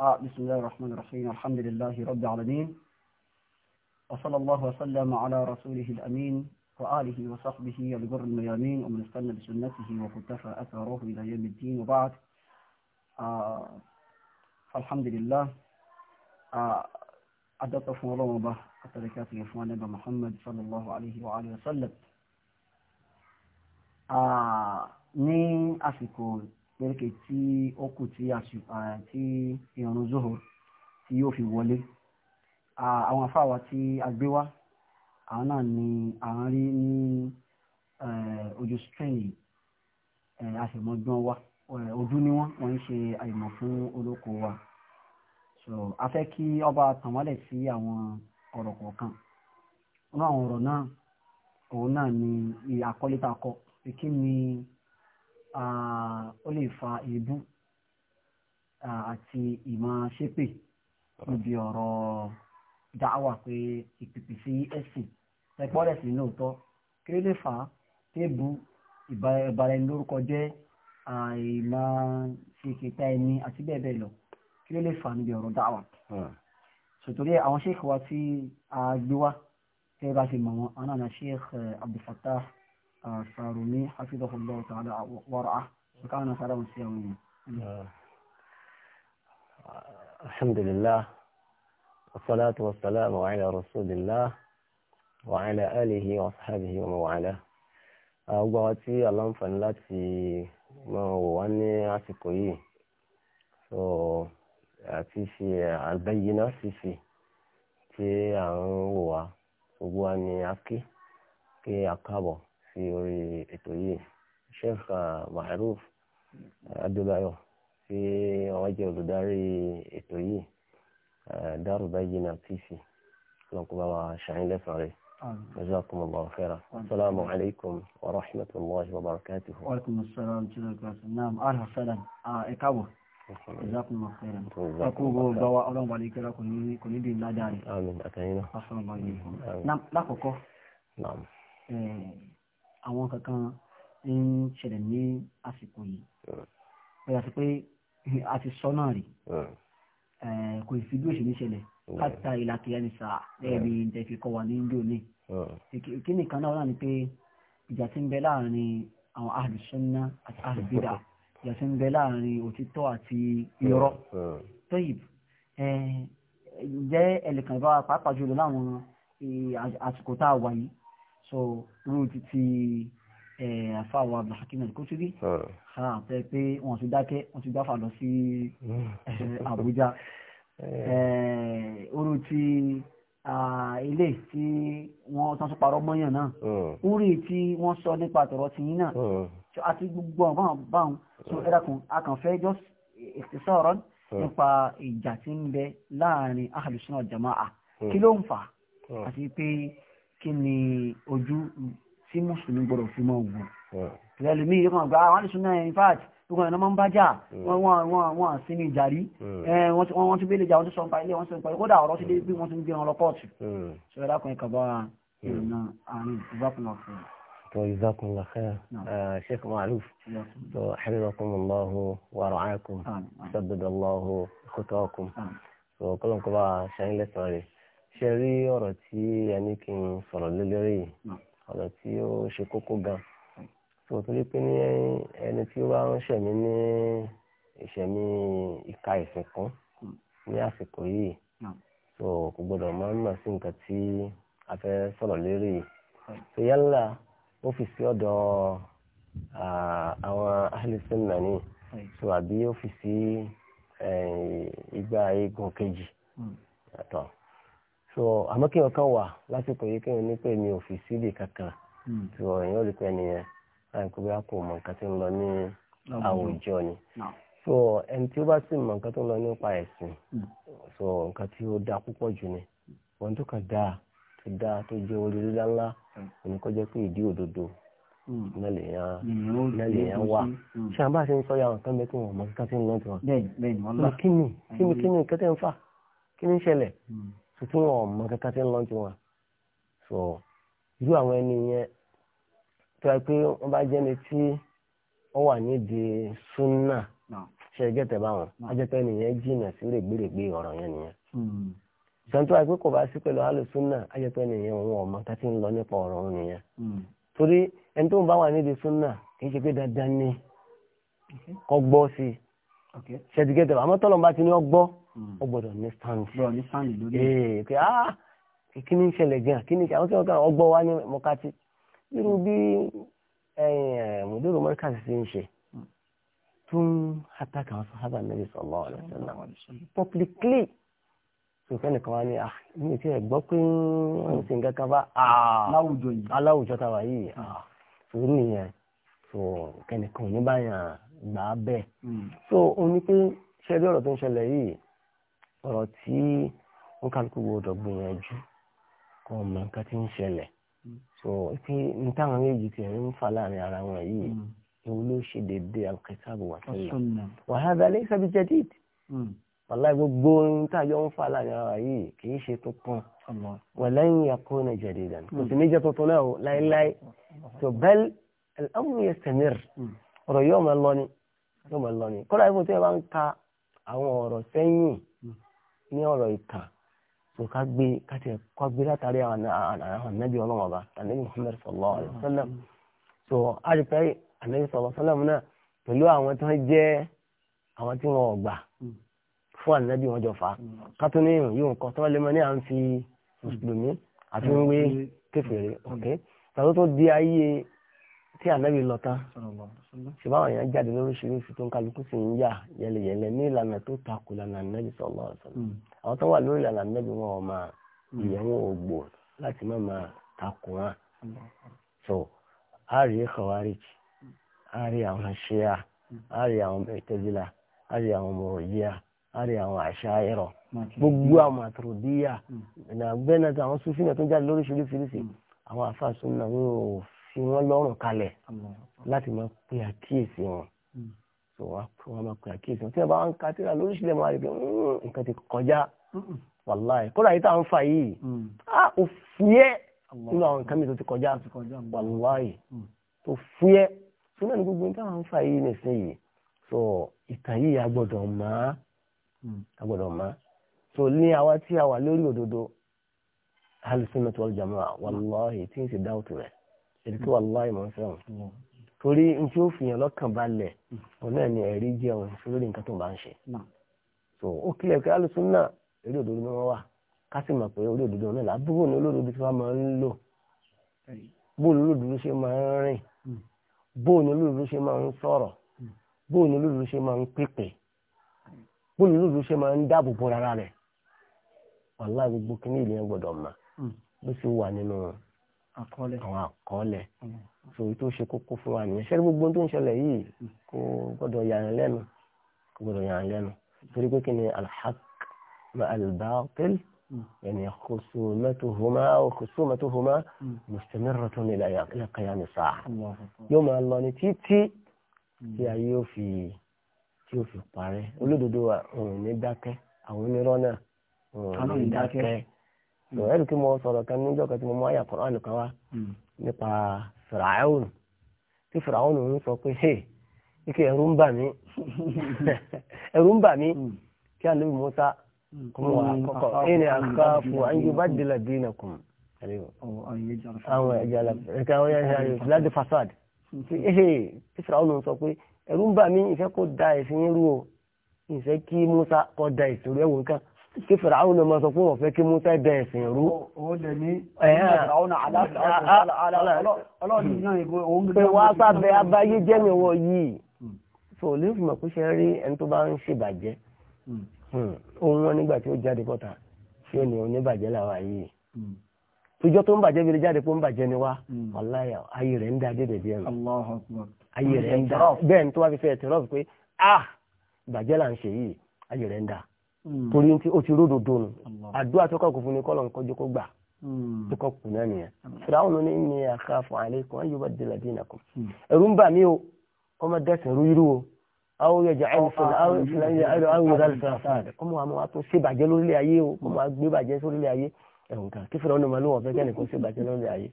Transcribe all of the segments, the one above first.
آه، بسم الله الرحمن الرحيم الحمد لله رب العالمين وصلى الله وسلم على رسوله الأمين وآله وصحبه الجر الميامين ومن استنى بسنته وفتفى أثره إلى يوم الدين وبعد آه الحمد لله آه أدت أفهم الله وبه أتركات يفوان نبي محمد صلى الله عليه وآله وسلم آه ní àsìkò lẹ́ẹ̀kẹ́ tí ó kù tí ìrun zoho tí yóò fi wọlé àwọn afáwa tí a gbé wá àwọn náà ni à ń rí ní ojú strain àṣemọ́gbọ́n wa ojú ni wọ́n wọ́n ń ṣe àìmọ̀ fún olóko wa so a fẹ́ kí ọba tàmọ́lẹ̀ sí àwọn ọ̀rọ̀ kọ̀ọ̀kan nínú àwọn ọ̀rọ̀ náà òun náà ni àkọlé tá a kọ kí ni ó lè fa èébú àti ìmọ̀ ṣépè níbi ọ̀rọ̀ dáwà pé ìpìpì sí ẹ̀sìn ẹ̀pọ́ rẹ̀ sí lóòótọ́ kí ló lè fà á téèbù ìbára ẹni lórúkọ jẹ́ àìmọ̀ ṣe kẹta ẹni àti bẹ́ẹ̀ bẹ́ẹ̀ lọ kí ló lè fà á níbi ọ̀rọ̀ dáwà sòtòrí àwọn ṣéèkì wa tí a gbé wá tẹ́ bá ṣe mọ̀ wọn àwọn àna ṣéèkì Abdulfatah الفارومي حفظه الله تعالى ورعه وكان سلام سيويا آه، الحمد لله والصلاة والسلام على رسول الله وعلى آله وصحبه ومن والاه ọgbà اللهم فنلاتي ما láti máa wò wá ní àsìkò yìí so àti ṣe àgbẹ̀yìnà ṣíṣe tí à ń wò wá gbogbo wa ni a kí kí a káàbọ̀ sí orí ètò yìí Sheikh Mahruf Adébáyọ̀ tí wọ́n jẹ́ olùdarí ètò yìí Daaru Bayyina TV lọ́nkọ́ bá wa ṣàyìn lẹ́sàn-án rẹ̀. جزاكم الله خيرا السلام عليكم ورحمة الله وبركاته وعليكم السلام ورحمة الله وبركاته نعم أهلا وسهلا إكابو جزاكم الله خيرا أكو بوا أولم عليك لكم كل دين لا داري آمين أتعينا أحسن الله إليكم نعم لكم نعم àwọn kankan ń ṣẹlẹ̀ ní àsìkò yìí pé hmm. àti pé a ti sọ náà rí hmm. eh, kò sí bí òṣèlú ṣẹlẹ̀ hmm. káta ìlàkì ẹni sà ẹ̀mí ìdẹ̀fi kọ wà ní ìlú ní kí nìkan náà ni pé ìjà tí ń bẹ láàrin àwọn ahlùsọ́nà àti ahlùbídà ìjà tí ń bẹ láàrin òtítọ́ àti irọ́ tóyìb eh, jẹ́ ẹlẹ́kàn ìbára pàápàá jùlọ láwọn eh, àsìkò tá a wà yìí so irú títí àfáwọ abdulhakeem al-Qurtubi àti ah. pé wọn ti dákẹ́ wọn ti gbáfà lọ sí Abuja. Eh. irú tí ilé tí wọ́n tán tún parọ́ mọ́yàn náà orí hmm. tí wọ́n sọ nípa tọ̀rọ̀ ti yín náà hmm. àti gbogbo àwọn báwọn so hmm. ẹ̀dàkùn akànfẹ́ just ìsọ̀rọ̀ nípa ìjà tí ń bẹ láàrin ahlus sunnah jamaa kí ló ń fà àti pé kí ni ojú tí mùsùlùmí gbọ́dọ̀ fi mọ́ wù lẹ́lùmí ìyókàn gba àwọn àdìsúná in fact gbogbo ẹ̀nà máa ń bájà hmm. wọ́n sinmi ìjàrí hmm. eh, wọ́n ti gbélé jà wọ́n ti sọ nípa ilé wọ́n ti sọ kódà ọ̀rọ̀ ti dé bí wọ́n ti ń gbé wọn lọ kóòtù sọ ẹ̀dá kan ìkàbọ̀ ìrìnà àárín ìzákùnlá fún تو جزاكم الله خير شيخ معروف حفظكم الله ورعاكم سدد الله خطاكم وكلكم بقى شايلين لسه ṣe rí ọ̀rọ̀ tí a ní kí n sọ̀rọ̀ lé lórí yìí mm. ọ̀rọ̀ tí ó ṣe kókó gan tó mm. torí pé ní ẹni tí ó bá ń ṣẹ̀mí ní ìṣẹ̀mí ìka ìsìnkún mm. ní àsìkò yìí tó kò gbọdọ̀ máa ń mọ̀ sí nǹkan tí a fẹ́ sọ̀rọ̀ lórí yìí tó yálà ó fi sí ọ̀dọ̀ àwọn ahìlẹ́sìn náà tó àbí ó fi sí ìgbà igun kejì so àmọ́ kí ọkàn wà lásìkò yìí kí n ní pé mi ò fi síbì kankan hmm. so èèyàn ò lè pẹ́ nìyẹn láì pé bá kò mọ nǹkan tó ń lọ ní àwùjọ ni so ẹni tí ó bá sì mọ nǹkan tó ń lọ nípa ẹ̀sìn hmm. so nǹkan tí ó dáa púpọ̀ jù ni wọn tó kàn dáa tó dáa tó jẹ́ orí lílá ńlá hmm. òní kọjá pé ìdí òdodo náà lè yàn wá ṣé àwọn bá ṣe ń sọ yàrá nǹkan bẹ́ẹ̀ tí wọ́n mọ nǹkan tí ń lọ tiwọn kí tuntun wọn mọ kankan tí ń lọ́ọ́ tí wọn sọ irú àwọn ẹni yẹn tó yẹ pé wọ́n bá jẹ́ni tí wọ́n wà nídìí súnà ṣe gẹ́tẹ̀ báwọn ajẹ́pẹ́ nìyẹn jìnnà sí règbèrègbè ọ̀rọ̀ yẹn nìyẹn ìṣàǹtó hmm. àìpé kò bá sí pẹ̀lú alùsùnà ajẹ́pẹ́ nìyẹn òun ọmọ tá ti ń lọ nípa ọ̀rọ̀ òun nìyẹn hmm. torí ẹni tó ń bá wà nídìí súnà kì í ṣe pé dandan ni kọ́ gbọ́ sí i ṣètìgẹ́tẹ̀ àmọ́ tọ́lọ́mbá ti ní ọ gbọ́ Hmm. ó gbọ́dọ̀ ní stand. gbọ́dọ̀ ní stand lórí. ee eh, pé ah kí ni ìṣẹ̀lẹ̀ gan kí ni ìṣẹ̀lẹ̀ àwọn tí wọ́n kàn ọgbọ́ wa ní mọ́kátí irú bí eh, mùdúró mọ́kátí ti ń ṣe tún hátàkà wọn sábà Nabi sallallahu alaihi wasallam publicly sọ̀kẹ́ nìkan wá ní à ah, ní ìṣe ẹ̀gbọ́ pé wọ́n ti ń kankan bá ah. aláwùjọ tàwa yìí hmm. ah. sòrò yẹn so kẹ́nìkan ò ní báyà gbà á bẹ́ẹ̀ hmm. so ó ní pé ṣẹ́rí ọ̀rọ̀ tó ń ṣẹlẹ̀ yìí ọ̀rọ̀ tí wọ́n kálukú gbọdọ̀ gbìyànjú kọ́ ọmọ nǹkan tí ń ṣẹlẹ̀ so pé n táwọn méjì ti ń fà láàrin ara wọn yìí mm. ewu ló ṣe déédéé alkitabu wa sunna wa hadha laysa bi jadid mm. wàláì gbogbo ohun tájọ ń fà láàrin ara yìí kì í ṣe tuntun wa lan yakuna jadidan kò sì mm. ní jẹ́ tuntun náà o láéláé so bal al-amru ọ̀rọ̀ yóò máa lọ ni yóò máa lọ ni kọ́lá ìfún tí bá ń ka àwọn ọ̀rọ̀ sẹ́yìn ní ọ̀rọ̀ ìtàn tó ká gbé káti ẹ̀kọ́ gbé látàrí àwọn ànábì ọlọ́run ọba ànábì Muhammad sallallahu alayhi sallam so àdìpẹ́ ànábì sallallahu alayhi sallam náà pẹ̀lú àwọn tí wọ́n jẹ́ àwọn tí wọ́n ọ̀gbà fún ànábì wọn jọ fà á kátó ní ìrìn yóò nǹkan tó wọ́n lè mọ ní à ń fi mùsùlùmí àfi ń wé kéfèrè ok tàbí tó di ayé tí ànábì lọ tán ṣùgbọ́n àwọn èèyàn jáde lóríṣiríṣi tó ń kálukú sì ń yà yẹlẹyẹlẹ ní ìlànà tó takò lànà ànábì sọlọ ọsàn hmm. àwọn tó wà lórí ìlànà ànábì wọn ọmọ ìyẹwò hmm. ògbò láti má máa takò wọn so a rí khawarij a rí àwọn ṣíà hmm. a rí àwọn mẹtẹzílà a rí àwọn mọrọjíà a rí àwọn àṣàyẹrọ gbogbo àwọn àtòròdíyà ìnàgbẹ́nà àwọn sufi náà tó jáde lóríṣiríṣi àwọn àfàsùn sí wọn lọ́rùn kalẹ̀ láti máa pe àkíyèsí wọn hmm. so wọn máa pe àkíyèsí wọn tí wọn bá ń ka tíra lóríṣìíríṣìí máa rí pé hmm, nǹkan ti kọjá hmm. wàláì kódà yìí tá à ń fà yìí á ò fúyẹ́ nínú àwọn nǹkan mi tó ti kọjá wàláì tó fúyẹ́ so náà gbogbo nǹkan à ń fà yìí nísìnyìí so ìtàn yìí a gbọ́dọ̀ mọ̀ a gbọ́dọ̀ mọ̀ so ní àwa tí a wà lórí òdodo Ahlus Sunnah wal Jamaa wàláì tí ń ṣe dáwọ́tò rẹ̀ èdè tó wà láì mọ̀ fẹ́ràn torí n tí ó fi hàn lọ́kàn balẹ̀ òun náà ni ẹ̀rí jẹun lórí nǹkan tó bá ń ṣe hmm. so ó kílẹ̀ pé alùsùn náà eré òdodo ni wọ́n wà ká sì mọ̀ pé orí òdodo náà lábúrò ní olódodo tí wọ́n máa ń lò bó ní olódodo ṣe máa ń rìn hmm. bó ní olódodo ṣe máa ń sọ̀rọ̀ hmm. bó ní olódodo ṣe máa ń pèpè bó ní olódodo ṣe máa ń dáàbò bo ara rẹ̀ wàhálà gbogbo kíní ìlú yẹn gbọ́dọ̀ mọ̀ bó ṣe wà nínú àwọn àkọọ́lẹ̀ hmm. so tó ṣe kókó fún wa nìyẹn ṣẹ́rí gbogbo tó ń ṣẹlẹ̀ yìí kò gbọ́dọ̀ yàrá lẹ́nu kò gbọ́dọ̀ yàrá lẹ́nu torí pé kí ni alhaq ma albatil hmm. yani khusumatuhuma aw khusumatuhuma hmm. mustamirratun ila ila qiyam as-sa'a yóò máa lọ ní títí tí ayé ò fi tí ò fi parẹ́ olódodo wa ní dákẹ́ àwọn onírọ́ náà ní dákẹ́ ẹ̀rù kí mo sọ̀rọ̀ kan níjọ́ kan tí mo mú àyà Qur'an kan wá hmm. nípa fìràáhùn tí fìràáhùn ń sọ pé ṣe ike ẹ̀rù ń bà mí ẹ̀rù ń bà mí hmm. kí a lóbi Musa kọ́mọ àkọ́kọ́ ẹni àkàfù àyè bá dìlà dínà kùn àwọn ẹ̀jẹ̀ hmm. àlàfẹ́ láti fasad tí fìràáhùn sọ pé ẹ̀rù ń bà mí ìfẹ́ kó da ẹ̀sìn rú o ìfẹ́ kí Musa kó da ẹ̀sìn rú ẹ̀wọ̀n kan kí fìràwọn ọmọ sọ fún ọ̀fẹ́ kí múta ẹ̀dẹ̀ ẹ̀sìn rú pé wá sábẹ́ abáyé jẹ́ níwọ̀ yìí hmm. so olóòfin mọ̀ kó ṣe rí ẹni tó bá ń ṣèbàjẹ́ ohun hmm. hmm. wọn nígbà tí ó jáde bọ́ta ṣé ó ní oníbàjẹ́ làwa yìí tujọ tó ń bàjẹ́ bèrè jáde pé ń bàjẹ́ ni wá wàláyà ayé rẹ̀ ń da dé dèbí ẹ̀rọ ayé rẹ̀ ah ìbàjẹ́ là ń ṣe yìí ayé Hmm. torí ó ti ródòdó nù àdúrà tó kọ̀kọ̀ fún ni kọ́lọ̀ ń kọjú kó gbà hmm. tó kọ̀kọ̀ náà nìyẹn hmm. fìràwọn ní ní àkàfọ̀ àlékún ayé wà dìlà dínà kù ẹ̀rù ń bà mí o ọmọ dẹ́sẹ̀ rú irú o àwọn yẹn jẹ àwọn ìfìlẹ̀ ọmọ àmọ́ wa tó ṣe bàjẹ́ lórílẹ̀ ayé o ọmọ àgbé bàjẹ́ lórílẹ̀ ayé ẹ̀wọ̀n kan kí fìràwọn ọmọ ló wọ̀ fẹ́ kẹ́nìkan ṣe bàjẹ́ lórílẹ̀ ayé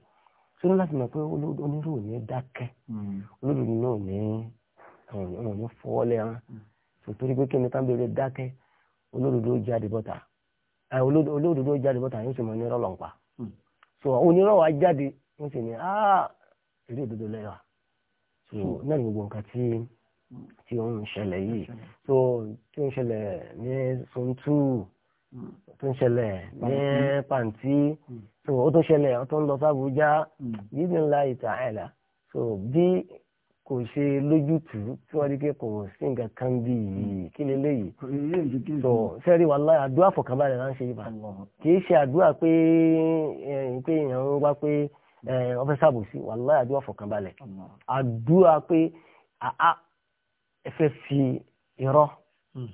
sínú láti mọ̀ pé onírú ò ní dákẹ́ olódùn náà ní ọ̀rọ̀ ní fọwọ́lẹ́ hàn nítorí pé kí ni tábìlì dákẹ́ olódodo jáde bọ́ta olódodo jáde bọ́ta yóò sì mọ onírọ́ lọ́n pa hmm. so onírọ́ wa jáde wọ́n sì ní ah, eré òdodo lẹ́wà so hmm. náà ní gbogbo nǹkan tí tí ó ń ṣẹlẹ̀ yìí hmm. so tí ó ń ṣẹlẹ̀ ní suntu tó ń ṣẹlẹ̀ ní pàǹtí so ó tó ṣẹlẹ̀ ó tó ń lọ sábújá yìí ní ńlá ìtàn àìlà so bí kò ṣe lójútùú tí wọ́n rí pé kò sí nǹkan kan bí yìí kí leléyìí sọ sẹ́rí wàhálà àdúrà fọ̀kànbalẹ̀ là ń ṣe yìí bá kì í ṣe àdúrà pé pé èèyàn ń wá pé wọ́n fẹ́ ṣàbòsí wàhálà àdúrà fọ̀kànbalẹ̀ àdúrà pé àá ẹfẹ́ fi irọ́ hmm.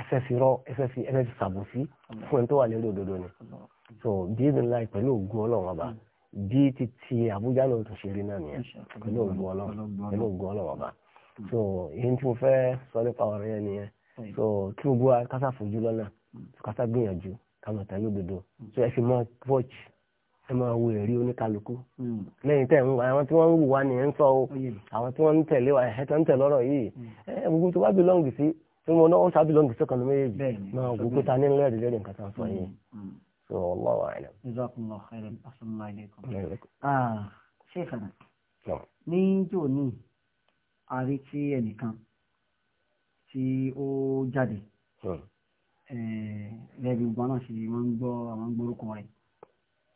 ẹfẹ́ fi irọ́ ẹfẹ́ fi ẹfẹ́ fi ṣàbòsí fún ẹni tó wà lórí òdodo ni so bí ẹni láì pẹ̀lú ògùn ọlọ́run ọba. Hmm bí títí Àbújá ló tún ṣe rí náà nìyẹn pẹ̀lú ògùn ọlọ́run pẹ̀lú ògùn ọlọ́run ọba hmm. so èyí tí mo fẹ́ sọ nípa ọ̀rẹ́ yẹn nìyẹn so kí gbogbo kásá fojú lọ́nà hmm. kásá gbìyànjú káwọn tẹ̀lé òdodo hmm. so ẹ fi mọ́ watch ẹ máa wo ẹ̀rí oníkálukú lẹ́yìn tẹ̀ ń wá àwọn tí wọ́n ń wù wá nìyẹn ń sọ o àwọn tí wọ́n ń tẹ̀lé wa ẹ̀hẹ́ tó ń tẹ̀lé ọ̀rọ̀ yìí ẹ gbogbo tó wá belong sí tí mo náà ó sá belong sí ọkàn mi méjèèjì máa gbogbo ta ní ńlẹ́rìí lẹ́rìí nǹkan tó ń sọ yìí so wallahu a'lam. jazakumullahu khairan assalamu alaikum. ṣéèkànà ah, ní jòní àrí tí ẹnìkan tí ó jáde lẹ́bi hmm. gbọ́n náà ṣe wọ́n ń gbọ́ àwọn gbórúkọ rẹ̀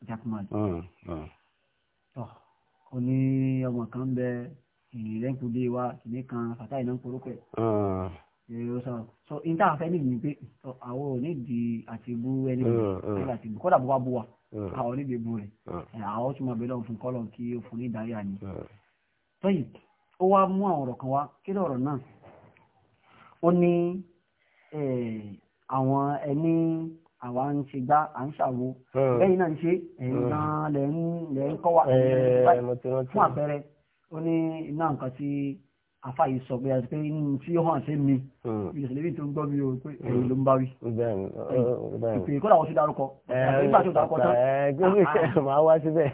jackman hmm, hmm. tọ́ ó ní ọmọ kan bẹ ìrìnlẹ́kùn bí wa kìnnìkan fàtáì náà ń korúkọ ẹ̀ èrò sọ̀rọ̀ so in tá a fẹ́ nìyí pé àwọn di àtìbú ẹni àtìbú kódà bó wá bó wa àwọn ò ní di mm, mm. mm. bú rẹ̀ àwọn tún máa bẹ lọ́wọ́ fún kọ́lọ̀ kí o fún ní ìdarí àní. tọ́yì ó wá mú àwọn ọ̀rọ̀ kan wá kí ló ọ̀rọ̀ náà ó ní àwọn ẹni àwa ń ṣe gbá à ń ṣàwo lẹ́yìn náà ń ṣe ẹ̀yìn náà lẹ́ ń kọ́ wa fún àpẹẹrẹ ó ní iná nǹkan tí àfà yìí sọ pé àti pé inú tí ó hàn sí mi ìṣẹ̀lẹ̀ bí tó ń gbọ́ mi o pé èrò ló ń bá wí. Hmm. Oh, oh, ìpè kó làwọn tó dárúkọ nígbà tó dárúkọ tán. gbogbo ìṣẹ̀lẹ̀ máa wá síbẹ̀.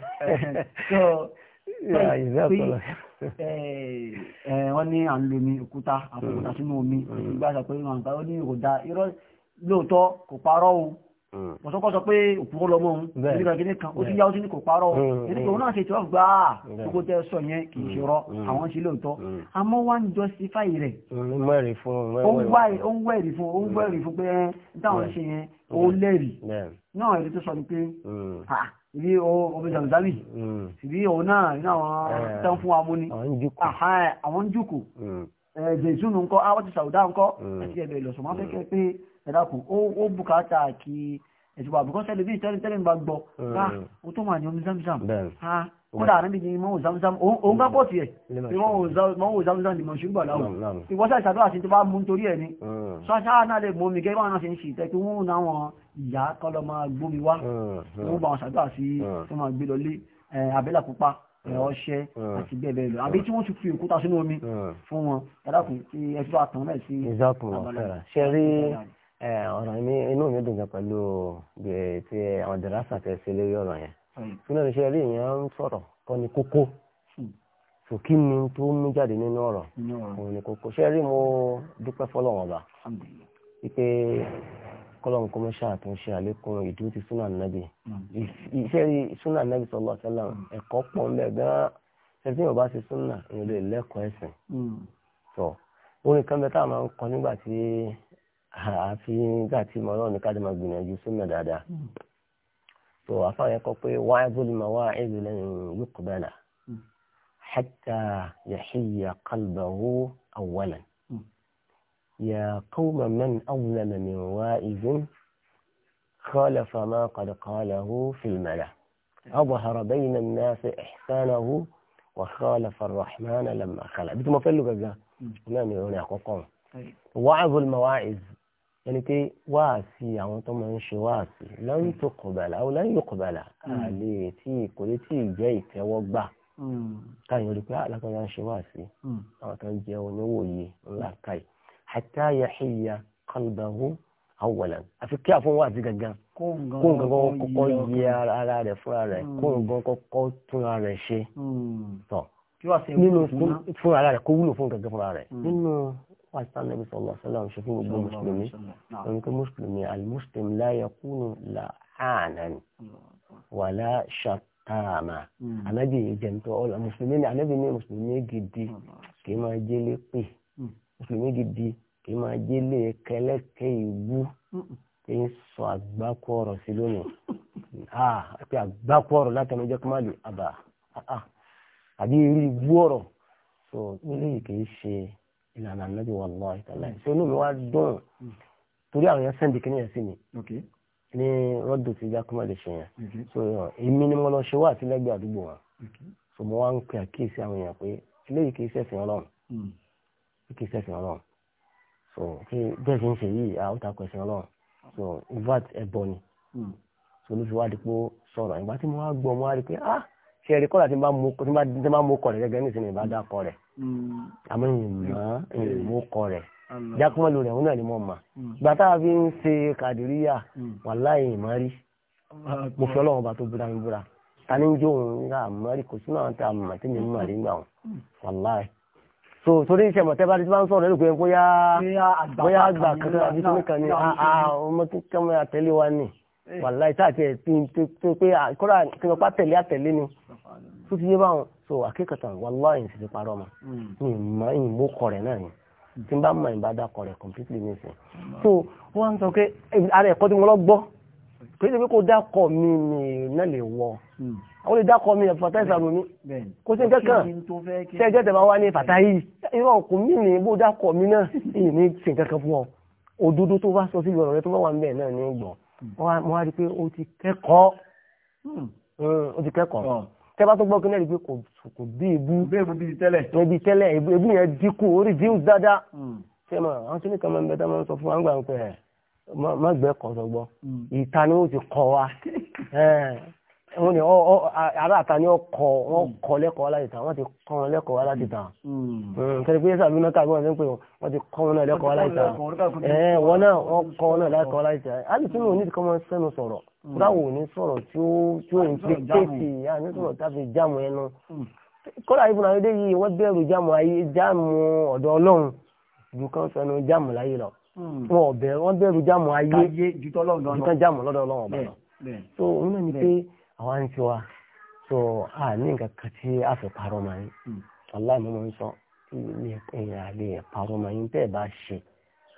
wọ́n ní à ń lo omi òkúta àpòkúta hmm. sínú omi hmm. ìgbà sọ pé wọ́n ní kò da irọ́ lóòótọ́ kò parọ́ o mọ̀sọ́kọ́ mm. sọ pé òpúrọ́ lọmọ òun nígbà gíní kan ó ti yá ó ti ní kò parọ́ ẹni mm, mm. pé òun náà ṣe tí wọ́n gbà á gbogbo tẹ́ sọ yẹn kì í ṣe rọ àwọn ṣe lóòótọ́ àmọ́ wá ń jọ sí fáyì rẹ̀ ó ń wẹ̀rì fún ó ń wẹ̀rì fún ó ń wẹ̀rì fún pé eh, táwọn ṣe yẹn ó lẹ́rìí náà ẹni tó sọ ni pé ibi omi zamzami ibi òun náà ní àwọn eh. tán fún wa mú ni àwọn jùkù eh, jésù nǹkan ah, àwọn ti sàwùdá nǹkan àti ẹ̀bẹ̀ ìlọ̀sùn máa fẹ́ kẹ́ pé ẹ̀dàkùn ó bùkátà kí ẹ̀sùn bàbù kan sẹ́lẹ̀ bí ìtẹ́rin tẹ́rin bá gbọ́ bá mm. ah, ó tó máa ní omi zamzam ah, kódà àrẹ́bí ni mọ́ zamzam òun bá pọ̀ tiẹ̀ tí wọ́n wò zamzam ni mọ̀ ṣe ń gbà láwọ̀ ìwọ́sẹ̀ ìṣàdúrà sí tó bá mú nítorí ẹ̀ ni ṣọ́ṣá mm. náà lè mú omi gẹ́gẹ́ wọn ṣe ń ṣe ìtẹ́ tí wọ́n náà wọn ìyá kọlọ máa gbómi wá mm, wọ́n bá wọn ṣàdúrà sí tó máa gbé lọlé àbẹ́là eh, pupa eh, ọṣẹ àti bẹ́ẹ̀ bẹ́ẹ̀ lọ àbí tí wọ́n ti fi òkúta sínú omi fún wọn ẹ̀dàkùn tí ẹ ọ̀rọ̀ mi inú mi dùn gan pẹ̀lú ti àwọn dìrásà tẹ̀ ṣe lórí ọ̀rọ̀ yẹn sínú hmm. ìṣe rí ìyẹn ń sọ̀rọ̀ kọ́ ni kókó hmm. so kí ni tó mú jáde nínú ọ̀rọ̀ ni kókó ṣe rí mo dúpẹ́ fọlọ́wọ́n ọba wípé kọ́lọ́n kọ́mọ́ ṣàtúnṣe àlékún ìdúró ti súnà nàbì iṣẹ́ rí súnà hmm. ẹ̀kọ́ pọ̀ ń bẹ̀ gan bá ṣe súnà lẹ́kọ̀ọ́ ẹ̀sìn orin kan bẹ táwọn máa ń àfi nígbà tí mo rán ní káàdì máa gbìyànjú súnà dáadáa tó àfáàyẹ kọ pé wáyé bólúmọ wá èlò lẹ́yìn yókùbẹ́là hatta yahiya qalbahu awwalan ya qawma man awlama min wa'izin خالف ما قد قاله في الملا أظهر بين الناس إحسانه وخالف الرحمن لما خلق بيتم فلو كذا نعم يقول يا قوم واعظ المواعظ ẹni pé wáàsí àwọn tó máa ń ṣe wáàsí lẹ́yìn tó kọ̀bàlà ó lẹ́yìn yóò kọ̀bàlà àlè tí kò lè tí ì jẹ́ ìtẹ́wọ́gbà hmm. káyọ̀ rí pé alákọ̀ọ́lá ah, ń ṣe wáàsí hmm. àwọn kan jẹ́ oníwòye ńlá káyì hatta yahiya qalbahu awwalan àfi kí àfọwọ́n wáàsí gangan kóun gangan kọ́kọ́ yẹ ara rẹ̀ fúnra rẹ̀ hmm. kóun gangan kọ́kọ́ túnra rẹ̀ ṣe tọ̀ nínú fúnra rẹ̀ kó wúlò fún gangan fúnra rẹ̀ nínú wà tí sànàbí sọlọ sọlọ ṣe fún gbogbo mùsùlùmí wọn kí mùsùlùmí almuslim la yakunu la'anan wàlá mm. ṣàtàmà anábì ìjẹ̀ntọ́ ọ̀la mùsùlùmí ni anábì ní mm. mùsùlùmí gidi kì í máa jẹ́lé pè mùsùlùmí gidi kì í máa jẹ́lé kẹlẹ́kẹ́ ìbú kì í sọ àgbákò ọ̀rọ̀ sí lónìí ah pé àgbákò ọ̀rọ̀ látẹnu jẹ́ kọ́málì àbá àbí irú ìbú ọ̀rọ̀ so eléyìí kì í ṣe ìlànà ànábì wallahi ta'ala hmm. ṣé olóògbé wa dùn hmm. torí àwọn yẹn sẹ́ndì kìnìyàn sí mi ní rọ́dù tí jákúmọ̀ lè ṣe yẹn so èmi ni mo lọ ṣe wá àtìlẹ́gbẹ̀ẹ́ àdúgbò wa so mo wá ń pe àkíyèsí àwọn èèyàn pé eléyìí kì í ṣẹ̀sìn ọlọ́run hmm. kì í ṣẹ̀sìn ọlọ́run so kí bẹ́ẹ̀ ṣe ń ṣe yìí àwọn ta kò ẹ̀sìn ọlọ́run so vat ẹ̀bọ ni so ló fi wá di pé sọ̀rọ̀ ìgbà tí mo wá gbọ́ mo wá rí pé ah ṣe ẹ̀rí kọ́lá tí n bá mú kọ́ rẹ̀ gẹ́gẹ́ nísìnyí ìbá dákọ̀ rẹ̀ Mm. àmọ́ ìmọ̀ ìmú kọ rẹ̀ jákúmọ́lù rẹ̀ òun náà ni mo mà mm. gbà tá a fi ń ṣe kàdíríyà mm. wàláhì ìmọ̀ rí mo fi ọlọ́run bá tó búra mi búra ta ni ń jó òun ra àmọ́ rí kò sínú àwọn tá a mọ̀ tí mi ń mọ̀ rí gbà wọn wàláhì so torí iṣẹ́ mọ̀ tẹ́bá tí wọ́n ń sọ̀rọ̀ lórí pé bóyá bóyá àgbà kankan àbí tó nìkan ni ọmọ tó kẹ́ mọ́ àtẹ́lé wa ni eh. wàláhì táàtì ẹ̀ tó pé kódà kí wọ́n pa tẹ̀lé ni tó ti yé so akẹ́kọ̀ọ́ wàláhì sì ti parọ́ ma ìmọ̀ hmm. ìmọ̀ kọ̀ rẹ̀ náà ni hmm. tí n bá mọ̀ ìbá dákọ̀ rẹ̀ completely ní ìsìn hmm. so wọ́n ń sọ pé ara ẹ̀kọ́ tí mo lọ gbọ́ kò sí pé kó dákọ̀ mi mi náà lè wọ àwọn lè dákọ̀ mi fàtáìsà rò mí kò sí nǹkan tẹ́ ẹjọ́ tẹ̀ bá wá ní fàtáì irọ́ kò mí ní bó dákọ̀ mi náà èyí ní sí nǹkan kan fún ọ òdodo tó bá sọ sí ọ̀rọ̀ rẹ tó bá wà ń bẹ̀ náà ní gbọ̀n mo wá rí i pé ó ti kẹ́kọ̀ọ́ tẹ́bá tó gbọ́ kí lẹ́rìí pé kò bí ebú bí tẹ́lẹ̀ bí yẹn dínkù orí dínkù dáadáa hmm. ṣé àwọn tí nìkan máa ń bẹ tá máa ń sọ fún wa ń gbà ń má gbẹ́ kọ̀ sọ́gbọ́ hmm. ìta ni ó ti kọ̀ wa wọ́n ní oh, oh, ará àta ni ọkọ̀ wọ́n hmm. kọ́ lẹ́kọ̀ọ́ aláìta wọ́n ti kọ́ wọn lẹ́kọ̀ọ́ aláìta hmm. hmm, kẹ́rì pé yẹ́sà lónà tàbí wọ́n ti ń ti kọ́ wọn náà lẹ́kọ̀ọ́ aláìta wọ́n náà wọ́n kọ́ wọn náà lẹ́kọ̀ọ́ aláìta alùsùn ò ní ti kọ́ wọn sẹ́nu sọ̀rọ̀ báwo ní sọ̀rọ̀ tí ó tí ó ń fi kéèsì yá ní sọ̀rọ̀ tá fi jáàmù ẹnu kọ́lá ibùdó ayédè yìí wọ́n bẹ̀rù jáàmù ayé jáàmù ọ̀dọ̀ ọlọ́run ju kan sọnù jáàmù láyé lọ wọn ọ̀bẹ jáàmù ayé ju kan jáàmù lọ́dọ̀ ọlọ́run ọ̀bẹ lọ àwa ń tiwa so a ní nǹkan kan tí a fi parọ́ máa ń aláìmọ́ máa ń sọ ẹ̀yìn àlè parọ́ máa ń tẹ́ ẹ̀ bá ṣe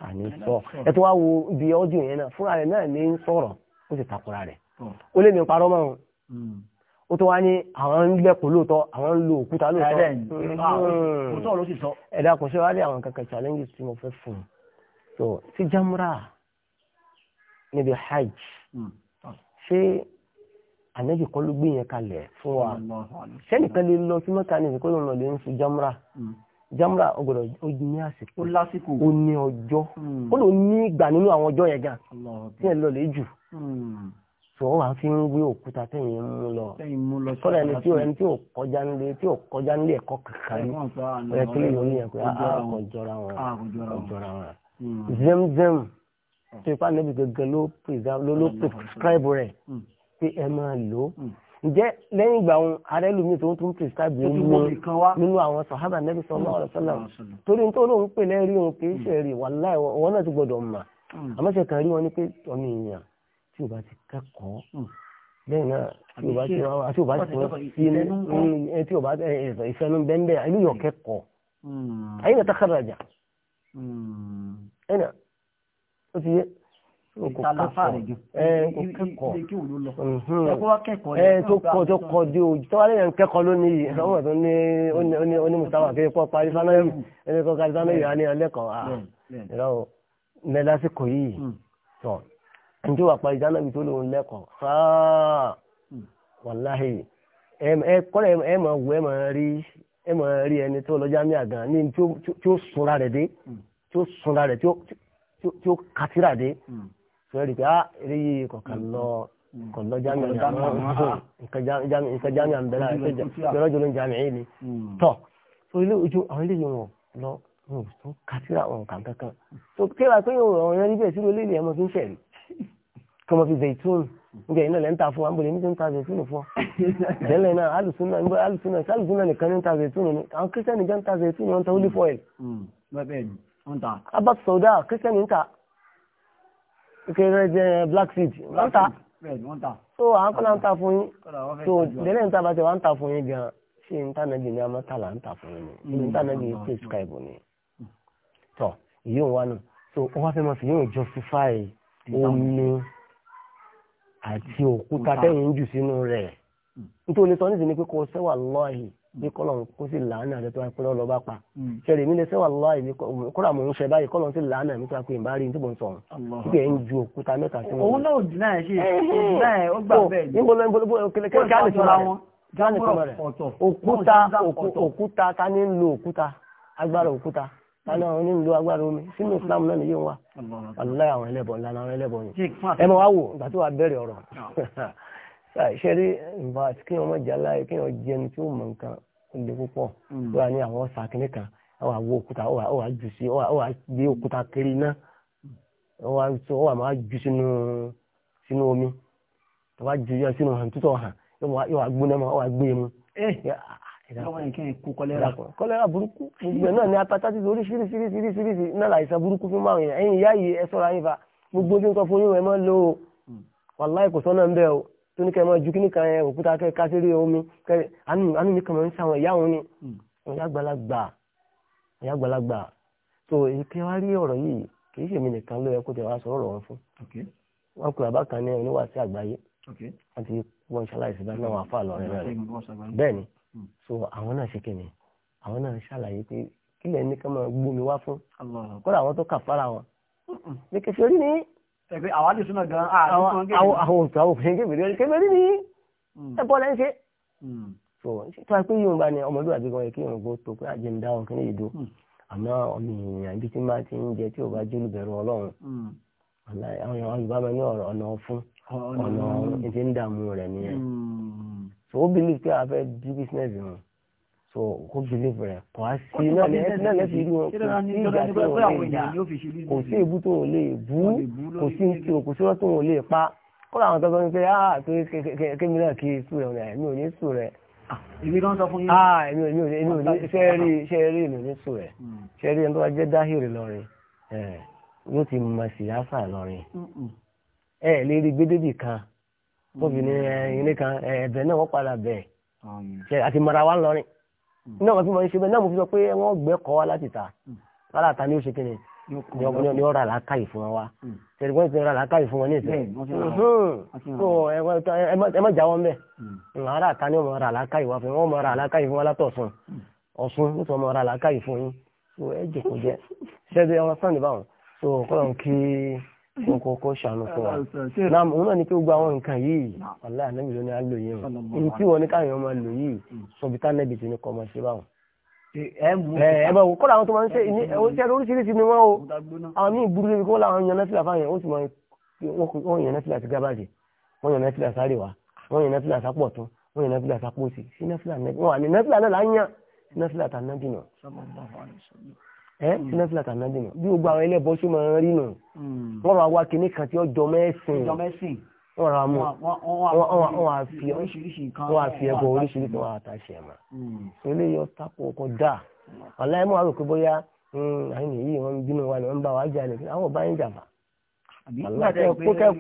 àní sọ ẹ tó wá wo ibi ọ́díò yẹn náà fúnra rẹ̀ náà ní ń sọ̀rọ̀ ó sì takura rẹ̀ hmm. ó lè ní parọ́ máa ń hmm. ó tó wá ní àwọn ń lẹ́kùn lóòótọ́ àwọn ń lo òkúta lóòótọ́ ẹ̀dá kò ṣe wá rí àwọn kankan challenges tí mo fẹ́ fún un so sí jamura níbi hajj hmm. ah. ṣé ànábì kọ́ ló gbé yẹn kalẹ̀ fún wa sẹ́nìkan lè lọ sí mẹ́ta ní ìsìnkú lọ́nà lè ń fi jamra hmm. jamra ọgbọ̀dọ̀ ó ní àsìkò ó lásìkò ó ní ọjọ́ hmm. ó lò ní ìgbà nínú àwọn ọjọ́ yẹn gan tí ẹ̀ lọ lè jù hmm. sọ wà fi ń wé òkúta tẹ̀yìn mú lọ kọ́lá ẹni tí ẹni tí ò kọjá nílé tí ò kọjá nílé ẹ̀kọ́ kankan rí ọ̀rẹ́ tó lè yọ ní ẹ̀kọ́ àkọjọra wọn àkọjọra ah, wọn zemzem tó ipá nẹ́bí gẹ́gẹ́ ló prescribe rẹ̀ pé ẹ máa lò ó hmm. ǹjẹ́ lẹ́yìn ìgbà ohun ààrẹ lómi tó ń tún prescribe yẹn mú nínú àwọn sàhábà nẹ́bí sallallahu alaihi wasallam hmm. torí nítorí òun pè lẹ́rìí òun kì í ṣe hmm. rí wàláhì wọn náà ti gbọdọ̀ mà àmọ́ ṣe kàn rí wọn ni pé ọmọ èèyàn tí ò bá ti kẹ́kọ̀ọ́ lẹ́yìn náà tí ò bá ti wá tí ò bá ti wọ́n sí ẹ tí ò bá ìfẹ́nu bẹ́ńbẹ́ ẹni yọ kẹ́kọ̀ọ́ ayé náà takharaja ẹ̀nà ó ti yẹ tó kọ di ojú tó wà lẹ́yìn kẹ́kọ̀ọ́ ló ní yìí ọmọ tó ní onímùsáwà kí pọ́ parí fánáyì ẹni kọ́ kárí fánáyì á ní ẹlẹ́kọ̀ọ́ àìrọ̀ ah, ní lásìkò yìí tọ̀ njẹ́ wà parí dáná ibi tó lòun lẹ́kọ̀ọ́ fáà hmm. wàláhì ẹ kọ́lẹ̀ ẹ mọ̀ wọ ẹ mọ̀ rí ẹ mọ̀ rí ẹni tó lọ́jà ní àgàn ní tí ó sunra rẹ̀ dé hmm. tí ó sunra rẹ̀ tí ó katira dé. Hmm sọ́ọ́rì pé ah eré yìí kọ̀ọ̀kan mm-hmm. lọ kọ̀ọ̀kan lọ jami mm-hmm. mm-hmm. nǹkan jami àmbẹ́lá ìjọba jọlọ jami yìí ni tọ́ so ilé ojú àwọn ilé yìí wọ̀ lọ wọn ò tún kásíra ọ̀hún kankankan so kéwàá pé ọ̀rọ̀ yẹn níbẹ̀ sí lórí ilé ẹ̀mọ́ fi ń ṣẹ̀rí kọmọ fi zaitun nga yìí náà lẹ́ ń ta fún wa ń bọ̀ lè ní tó ń ta zaitun fún ọ tẹ́lẹ̀ náà alùsùnà ń bọ̀ alùsùnà alùsùnà nìkan ní ń ta zaitun ni àwọn kírísítẹ́nì jẹ́ ń ta zaitun ni wọ́n ta olive oil. kírísítẹ́nì ń ta kéré jẹ eh, black seed wọ́n ta so àwọn kọ́lá ń ta fún yín so délé ń ta bá ti ta fún yín gan ṣé ń ta nàgì ní amátàlá ń ta fún yín ní ń ta nàgì ní ni hmm, tọ ìyóò wá nù so wọ́n wá fẹ́ máa fi yóò justify omi àti òkúta tẹ́yìn jù sínú rẹ̀ hmm. nítorí sọ pé kò sẹ́wà lọ́ọ̀hìn. bí kọ́lọ̀ kó sì làánà rẹ̀ tó wá pẹ́lú ọlọ́ba pa hmm. ṣẹlẹ̀ mi lè sẹ́wà lọ́wọ́ àìní kọ́lá mò ń ṣe báyìí kọ́lọ̀ sí làánà mi tó wá pé ìbá rí ní tí mò ń sọ̀rọ̀ pé ẹ̀ ń ju òkúta mẹ́ta sí wọn. òun náà dìnnà ẹ̀ ṣe dìnnà ẹ̀ ó gbà bẹ́ẹ̀ ni. níbo ló ń bolo kẹ́lẹ́kẹ́lẹ́ òkúta òkúta ta ni lo òkúta agbára òkúta tani àwọn onílù agbára omi sínú islam náà nìyí wa aláì àwọn ẹlẹ́bọ̀ ńlá àwọn ẹlẹ́bọ̀ yìí ẹ mọ̀ wá wò ìgbà tó wà bẹ̀rẹ̀ Ah, ṣẹ́rí nǹkan àti kí ọmọ ìjà láàyè kí wọ́n jẹun tí ó mọ̀ nǹkan ó le púpọ̀ hmm. ó wà ní àwọn sàkínì kan ó wà wo òkúta ó wà jù sí ó wà gbé òkúta kiri iná ó wà máa jù sínú omi tó bá jù sínú hàn tútọ̀ hàn yóò wà gbóná mọ́ ó o. Hmm. tó ní kẹ́ máa ju kíní kan yẹn òkúta kẹ́ ká sí rí omi kẹ́ àánú mi kàn máa ń sáwọn ìyá òun ni hmm. ìyá àgbàlagbà ìyá àgbàlagbà tó ìkẹ́ wá rí ọ̀rọ̀ yìí kì í ṣèmi nìkan ló yẹ kó tẹ̀ wá sọ ọ̀rọ̀ wọn fún wọn pè bàbá kan ní oníwàásí àgbáyé àti wọn ṣaláìsí bá náà wà fà lọrẹ rẹ bẹ́ẹ̀ ni so àwọn náà ṣe kíni àwọn náà ṣàlàyé pé kílẹ̀ ní ká máa gbómi wá fún kódà àwọn tó kà fara wọn hmm, hmm. ni ẹgbẹ́ àwọn àdìsúnà gan àwọn òfin kébèrè ọdún kébèrè ní ẹbọ lẹ́yìn ṣe tó tó pé yóò bá ní ọmọdé àti kan kí òun gbó tó pé àjẹndá òun kí ní ìdó hmm. àmọ́ ọmọ èèyàn ibi tí máa ti ń jẹ tí ò bá jólù bẹ̀rù ọlọ́run hmm. àwọn èèyàn yorùbá máa ní ọ̀rọ̀ ọ̀nà fún ọ̀nà ti ń dààmú rẹ̀ nìyẹn tó hmm. ó bí lè pé a fẹ́ bí bísínẹ́sì wọn so kó believe rẹ̀ kò á sí náà lẹ́sìn irú wọn kò sí ìjà tí wọn lè dá kò sí ìbú tó wọn lè bú kò sí ìtì kò sí wọn tó wọn lè pa kódà àwọn tọ́gbọ́n pé ah pé kémi náà kí sùn rẹ̀ ọ̀nà ẹ̀mí ò ní sùn rẹ̀. Ah, èmi kan sọ fún yín. ah èmi ò ní èmi ò ní ṣe é rí ṣe é rí èmi ò ní sùn rẹ̀ mm. ṣe é rí ẹni tó bá jẹ́ dáhìrì lọ́rin yóò ti mọ síyáfà lọ́rin ẹ lè rí gbédébì kan tóbi ní mm. eh, ilé kan ẹ̀ẹ̀bẹ̀ eh, náà wọ́n padà bẹ̀ ṣe àti mara wa lọ́rin náà wọ́n fi máa ń ṣe bẹ́ẹ̀ náà mo fi sọ pé wọ́n gbẹ́ kọ́ wa láti ta hmm. lára ta ni ó ṣe kí ni ni ó rà lákàyè fún wa tẹ̀lé hmm. wọ́n ti rà lákàyè fún wọn ní ìsìn hmm. ẹ má jà wọ́n bẹ́ẹ̀ ara ta ni ó máa rà lákàyè wa fún wọn máa rà lákàyè fún wa látọ̀sùn ọ̀sùn ní sọ máa rà lákàyè fún yín ẹ jẹ́ kó jẹ́ ṣẹ́ẹ́dẹ́ ọmọ sáǹdì báwọn so kọ́ wọn kò kọ́ ṣàánú fún wa náà òun náà ni pé gbogbo àwọn nǹkan yìí ọ̀la ànábì ló ní à ń lò yẹn o ní tí wọn ní káyọ̀ máa lò yìí mm. sọ̀bi tá nẹ́bi ti ní kọ́ ọmọ sí báwọn. ẹ bá wò kọ́lá àwọn tó máa ń ṣe ní ẹ̀rọ oríṣiríṣi ni wọ́n o àwọn míì burú lébi kó láwọn yan nẹ́fìlà fáyẹn ó sì máa wọ́n yan nẹ́fìlà sí gábàjì wọ́n yan nẹ́fìlà sáré wa wọ́n yan nẹ́fìlà sápọ̀ ẹ sinna hmm. fila kan nadi ma bí o gba àwọn ẹlẹbọ sí máa ń rí nù hmm. wọn wá kinní kan tí ọjọ mẹsìn fi wọn wà fi ẹbọ ta wọn àtàṣe hmm. ilé yọ tako kọjá ọláyé mọ àròkè bóyá àyìn yìí bínú wa ni bá wa jà ní àwọn ọba jàmbá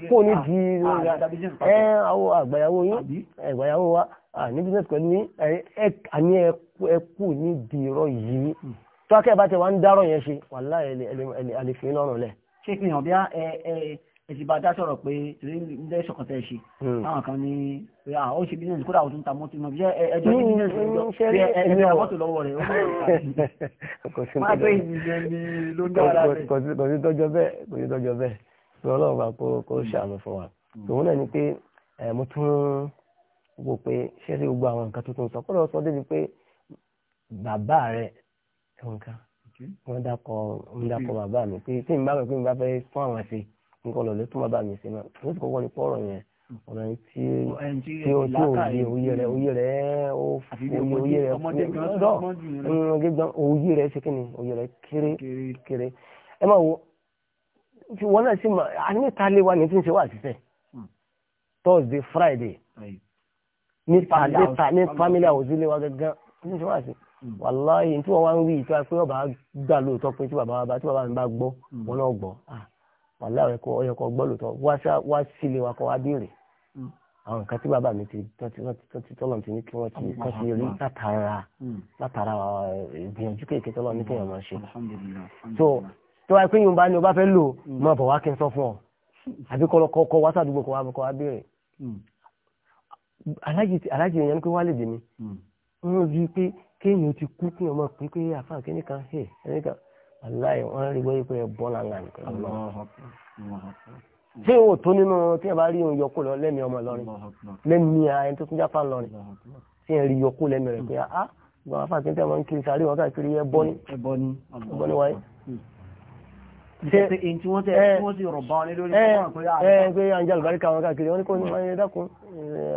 kó ní di ẹ àwọn àgbàyàwó yín àgbàyàwó wa ní business pẹ̀lú yín àní ẹ kú ní di tó akẹ́ bá ti wá ń dárọ̀ yẹn ṣe wàhálà àlefin lọ́rùn lẹ̀. ṣé fi hàn bí ẹ̀sìn bá dá sọ̀rọ̀ pé torí ń dẹ́ ṣọ̀kan tẹ́ ṣe àwọn hmm. kan ní ó ṣe bísíǹsì kódà òtún ta mọ́tò mọ́ bíṣẹ́ ẹjọ́ ní bísíǹsì ẹjọ́ ẹjọ́ mọ́tò lọ́wọ́ rẹ̀ ó kò sí tọ́jọ́ bẹ́ẹ̀ kò sí tọ́jọ́ bẹ́ẹ̀ pé ọlọ́run bá kó hmm. ṣàánú fún wa hmm. tòun náà ni pé mo tún wò pé ṣé sí gbogbo àwọn nǹkan tuntun sọ kó lọ sọ débi pé bàbá rẹ̀ nǹkan wọ́n dákọ̀ ń dákọ̀ bàbá mi pé tí n bá rẹ̀ pé n bá fẹ́ fún àwọn ṣe nǹkan lọ́lẹ́ tó bàbá mi ṣe náà o sì kọ́kọ́ ní pọ́ọ̀rọ̀ yẹn ọ̀nà tí o tí ò yé oyé rẹ̀ o rẹ̀ ó oyé oyé rẹ̀ dọ́ gbígbọ́n oyé rẹ̀ ṣe kíni oyé rẹ̀ kéré kéré ẹ máa wo tí wọ́n náà sì máa a ní ta lé wa ní tí ń ṣe wà síṣẹ́ hmm. Thursday Friday ní family house ilé wa gángan tí ń ṣe wà sí. Hmm. wàláyé tí wọ́n wá ń wí ìtura pé ọba gbà lóòótọ́ pé tí bàbá bá tí bàbá mi bá gbọ́ hmm. wọn náà gbọ́ wàláyé ọ̀yẹ́kọ̀ ọ̀yẹ́kọ̀ gbọ́ lóòótọ́ wá sílé wa kọ́ wá béèrè hmm. àwọn nǹkan tí bàbá mi ti tọ́lọ̀ ti ní kí wọ́n ti kọ́ sí rí látara látara eh, ìgbìyànjú kéèké tọ́lọ̀ ní kéèyàn máa ṣe. so tó wáyé pé yìí bá ní o bá fẹ́ lò mọ bọ̀ wá kí n sọ fún ọ àbí kọ́ kọ́ wá sàdúgbò kọ́ wá kọ́ béèrè. alájì èèyàn ni pé wá lè dè mí. ń rí i pé kéèyàn ti kú kí ọmọ pé pé àfa kí nìkan ẹ ẹnìkan aláì wọn rí wọ́n pé ẹ̀bọ́n làǹgà nìkan lọ. tí o tó nínú tí a bá rí òun yọkú lọ lẹ́mìí ọmọ lọ́rin lẹ́mìí ẹni tó tún jáfa lọ́rin tí a rí yọkú lẹ́mìí rẹ̀ pé ah, a gbọ́n àfa kí n tẹ́ wọn kiri sáré wọn káàkiri ẹ̀bọ́n ní ẹ̀bọ́n ní wáyé. Hmm. ṣe èyí tí wọ́n tẹ wọ́n sì rọ̀ bá wọn lórí fún wọn pé a. Ah, ẹ pé àǹjẹ́ àlùbáríkà wọn káàkiri wọn ní kò ní wọn yẹ dákun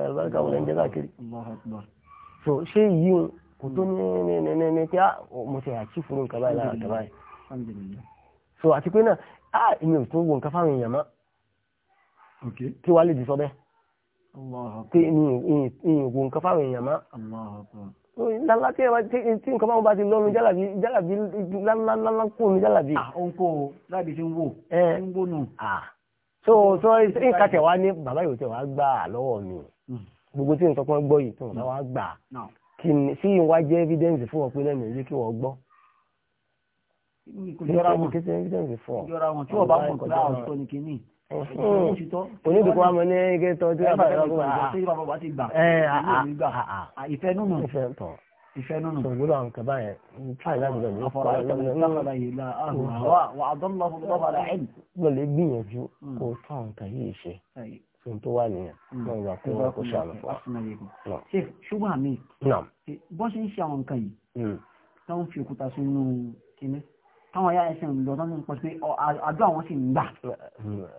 àlùbáríkà wọn lẹ́ kò tó ní ní ní ní tí mo ti àti fún nǹkan báyìí lára nǹkan báyìí so àti pé náà á ìyẹn ò tún wo nǹkan fáwọn èèyàn mọ́ kí wàá lè di sọ bẹ́ẹ̀ kí ìyẹn wo nǹkan fáwọn èèyàn mọ́ lálá tí nǹkan báwọn bá ti lọ́nu jálàbí jálàbí lálálálá kó nu jálàbí. òun kò láàbí ti ń wò ti ń wò nù. so so nǹkan tẹ̀ wá ní bàbá yòó tẹ̀ wá gbà lọ́wọ́ mi hmm. gbogbo tí nǹkan kan gbọ́ yìí kí ni sí ìwá jẹ́ evidence fún ọ pé lẹ́nu ìlú kí wọ́n gbọ́. ìjọra wọn kí ìjọra wọn tí wọ́n bá mọ̀ nípa àwọn ìtọ́ni kìíní. onídùkú wa mọ ní ẹgbẹ́ tó tí wọ́n bá yọ ọgbọ́n àgbà. ṣé bàbá wa ti gbà ìfẹ́ nùnù. ìfẹ́ tọ̀ ìfẹ́ nùnù. sọ̀rọ̀ àwọn kaba yẹn ń tà láti lọ nípa ọ̀rọ̀ lọ́lẹ̀ gbìyànjú kó tó àwọn kàyé ìṣe ohun tó wà nìyẹn hmm. lọ́wọ́ ìgbà kó wọn kó ṣàánú fún wa. ṣe ṣùgbọ́n mi bọ́n ṣe ń ṣe àwọn nǹkan yìí hmm. táwọn fi òkúta sínú kinní táwọn ayá ẹsẹ̀ ń lọ tán ní pọ̀ pé àjọ àwọn sì ń gbà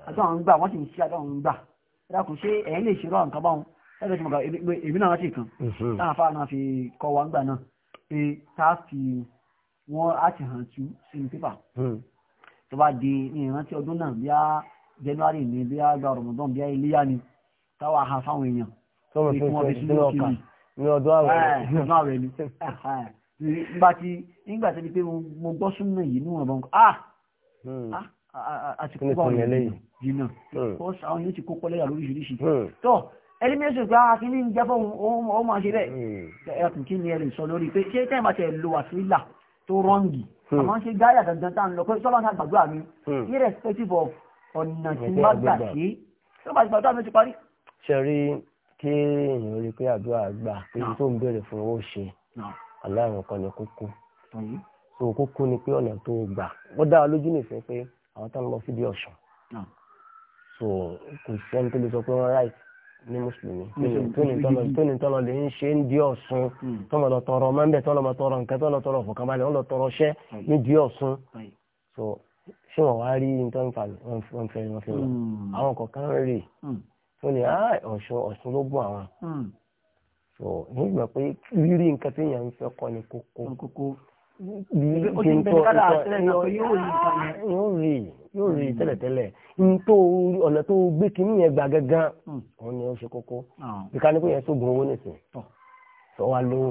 àjọ àwọn ń gbà wọ́n sì ń ṣe àjọ àwọn ń gbà dákun ṣé ẹ̀yin lè ṣe rọ nǹkan báwọn ẹgbẹ́ tí mo kà èmi náà rántí kan hmm. táwọn afá náà fi kọ́ wa ńgbà náà pé tá a fi wọ́n á ti hàn tú sínú pépà tó bá di ìrántí ọdún náà bí a january ní bí a gba ramadan bí a iléyà ni táwa ha fáwọn èèyàn ní kí wọ́n fi sínú kìíní ní ọdún àwẹ̀ ni nígbà tí nígbà tí pé mo gbọ́ súnmọ́ yìí níwọ̀n bọ́n ah àti hmm. ah, kópa hmm. àwọn èèyàn jìnnà kọ́sà àwọn èèyàn ti kó pọ́lẹ́yà lóríṣiríṣi hmm. tó ẹni mẹ́sùn pé a ah, kí ní jẹ́ fún ọmọ àṣẹ bẹ́ẹ̀ ẹkùn kí ni ẹ̀rìn sọ lórí pé ṣé tẹ́ẹ̀mà tẹ̀ lo àfílà tó rọ́ǹgì àmọ́ ṣe gáyà dandan tá à ń lọ pé sọ́lá ń gbàdúrà mi irrespective of ọ̀nà tí má gbà sí tó bá ti gbàdúrà mi ti parí. ṣe rí kí èèyàn rí pé àdúrà gbà pé tó ń béèrè fún owó ṣe aláìrùn kan ní kókó so kókó ni pé ọ̀nà tó gbà ó dá wa lójú nìfẹ́ pé àwọn táwọn lọ síbi ọ̀ṣun so kò sẹ́ni tó lè sọ pé wọ́n ráì ní mùsùlùmí tóní tọ́lọ lè ń ṣe ń di ọ̀ṣun hmm. tọ́lọ lọ tọrọ máa ń bẹ̀ tọ́lọ máa tọrọ nǹkan tọ́lọ tọrọ fọkànbalẹ̀ wọ́n lọ tọrọ ṣẹ́ ní di ọ̀ṣun so ṣé wọn wá rí nǹkan ń fa wọn fẹ́ wọn fẹ́ wọn hmm. àwọn kọ̀ọ̀kan rè wọn hmm. ni ah, ọ̀ṣun ọ̀ṣun ló gún àwọn hmm. so nígbà pé rírí nǹkan tí èèyàn ń fẹ́ kọ́ ni kókó ah, yóò rí yóò rí tẹ́lẹ̀tẹ́lẹ̀ ọ̀nà tó gbé kínní yẹn gba gángan òun ni ó ṣe kókó ah. ìka oh. ni kò yẹ sógun owó nìsín sọ wa lówó